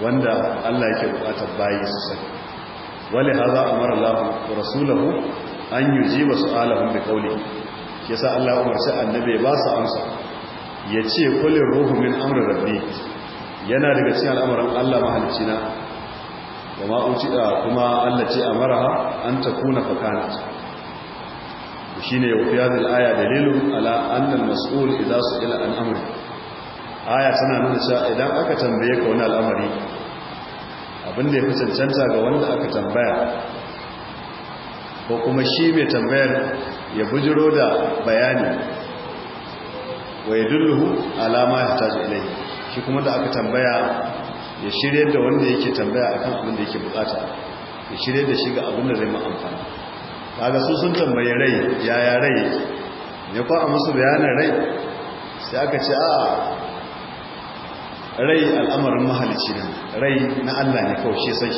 wanda Allah yake bukatar bayi su sani wali hadha amara Allah rasulahu an yujiba su'alahum bi qawli yasa Allah umarci annabi ba su amsa yace kullu ruhu min amri rabbi yana daga cikin al'amuran Allah mahalicina wa ma uci kuma Allah ce amara an takuna fakana shine ya fi da al-aya dalilun ala annan al-mas'ul idza su an amri aya tana nuna cewa idan aka tambaye ka wani al'amari abin da ya fi cancanta ga wanda aka tambaya ko kuma shi mai tambayar ya bujiro da bayani wa ya dulluhu alama ya taji ilai shi kuma da aka tambaya ya shirya da wanda yake tambaya akan abin da yake bukata ya shirya da shi ga da zai ma'amfani kaga su sun tambayi rai ya rai ne kwa a musu bayanin rai sai aka ce a rai al'amarin mahalicci ne rai na Allah ne kawai shi sai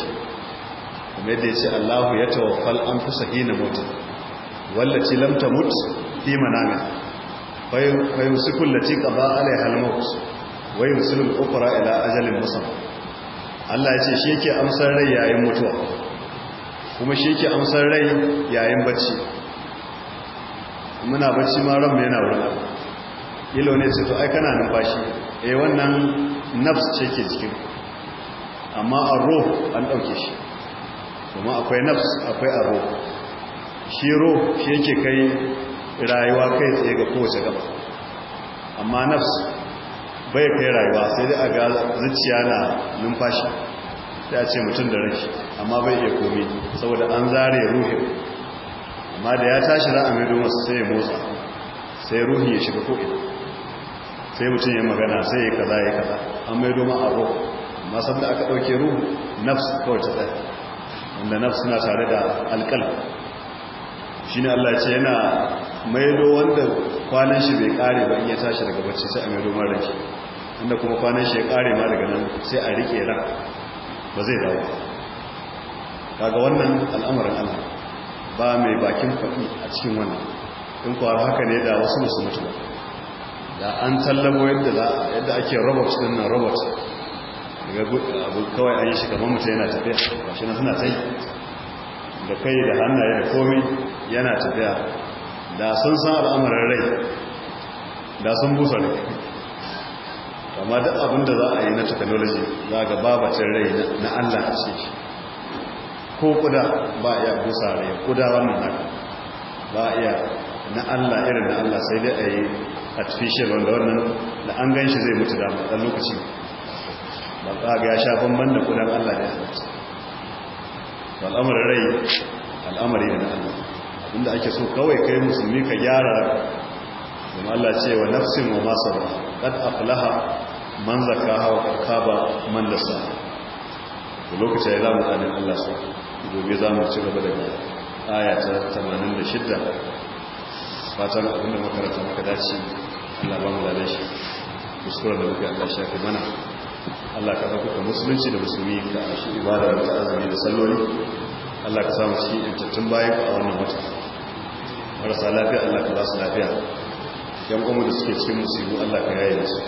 kuma yadda ya ce Allahu ya tawaffal an fusa hina mutu wallaci lamta mutu fi manami bayan su kullaci ka ba alai halmaut Wai musulun ƙofara ila ajalin musamman Allah ya ce shi yake amsar rai yayin mutuwa kuma shi ke amsar rai yayin bacci muna bacci ma ranmu yana wurin ilo ne sai to ai kana numfashi eh wannan nafs ce ke cikin amma arro an dauke shi kuma akwai nafs akwai arro shi ro shi yake kai rayuwa kai tsaye ga kowace gaba amma nafs bai kai rayuwa sai dai a ga zuciya na numfashi sai a ce mutum da rashi amma bai iya komi saboda an zare ruhi amma da ya tashi a mai domin sai ya motsa sai ruhi ya shiga ko'ina sai mutum ya magana sai ya kaza ya kaza an mai domin ruhu amma sabda aka ɗauke ruhu nafs kawai ta tsaye wanda nafs na tare da alƙal shi ne allah ce yana maido wanda kwanan shi bai kare ba in ya tashi daga bacci sai a maido mara ke inda kuma kwanan shi ya kare ma daga nan sai a riƙe ran ba zai dawo daga wannan al'amarin ana ba mai bakin faɗi a cikin wannan in kuwa haka ne da wasu masu mutu da an tallamo yadda ake robot din nan robot daga abu kawai an yi shi kamar yana tafiya ba shi na suna tai da kai da hannaye da komi yana tafiya da sun san al'amarin rai da sun busa ne amma duk abin da za a yi na technology za ga babacin rai na allah a ce ko kuda ba iya gusa rai kuda wannan haka. ba iya na allah irin na allah sai dai a yi artificial wanda wannan da an gan shi zai mutu da ɗan lokaci ba ta ga ya sha banban da kudan allah ya ba al'amarin rai al'amari da na allah inda ake so kawai kai musulmi ka gyara zama allah ce wa nafsin wa masu ba قد أفلها man zaka hawa kaba man da sa da lokacin da zamu tsanin Allah sa. gobe za mu ci gaba daga aya ta 86 fatan abinda makaranta maka dace Allah ba mu da shi kusura da muke Allah shafi mana Allah ka ku musulunci da musulmi ka shi ibada da azumi da salloli Allah ka samu cikin intattun bayan a wannan wata marasa lafiya Allah ka ba su lafiya yan kuma da suke cikin musulmi Allah ka yaye su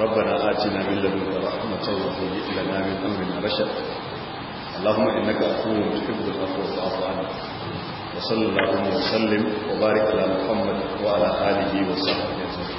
ربنا آتنا من لدنك رحمة وهيئ لنا من أمرنا رشدا اللهم إنك عفو تحب العفو فاعف عنا وصلى اللهم وسلم وبارك على محمد وعلى آله وصحبه أجمعين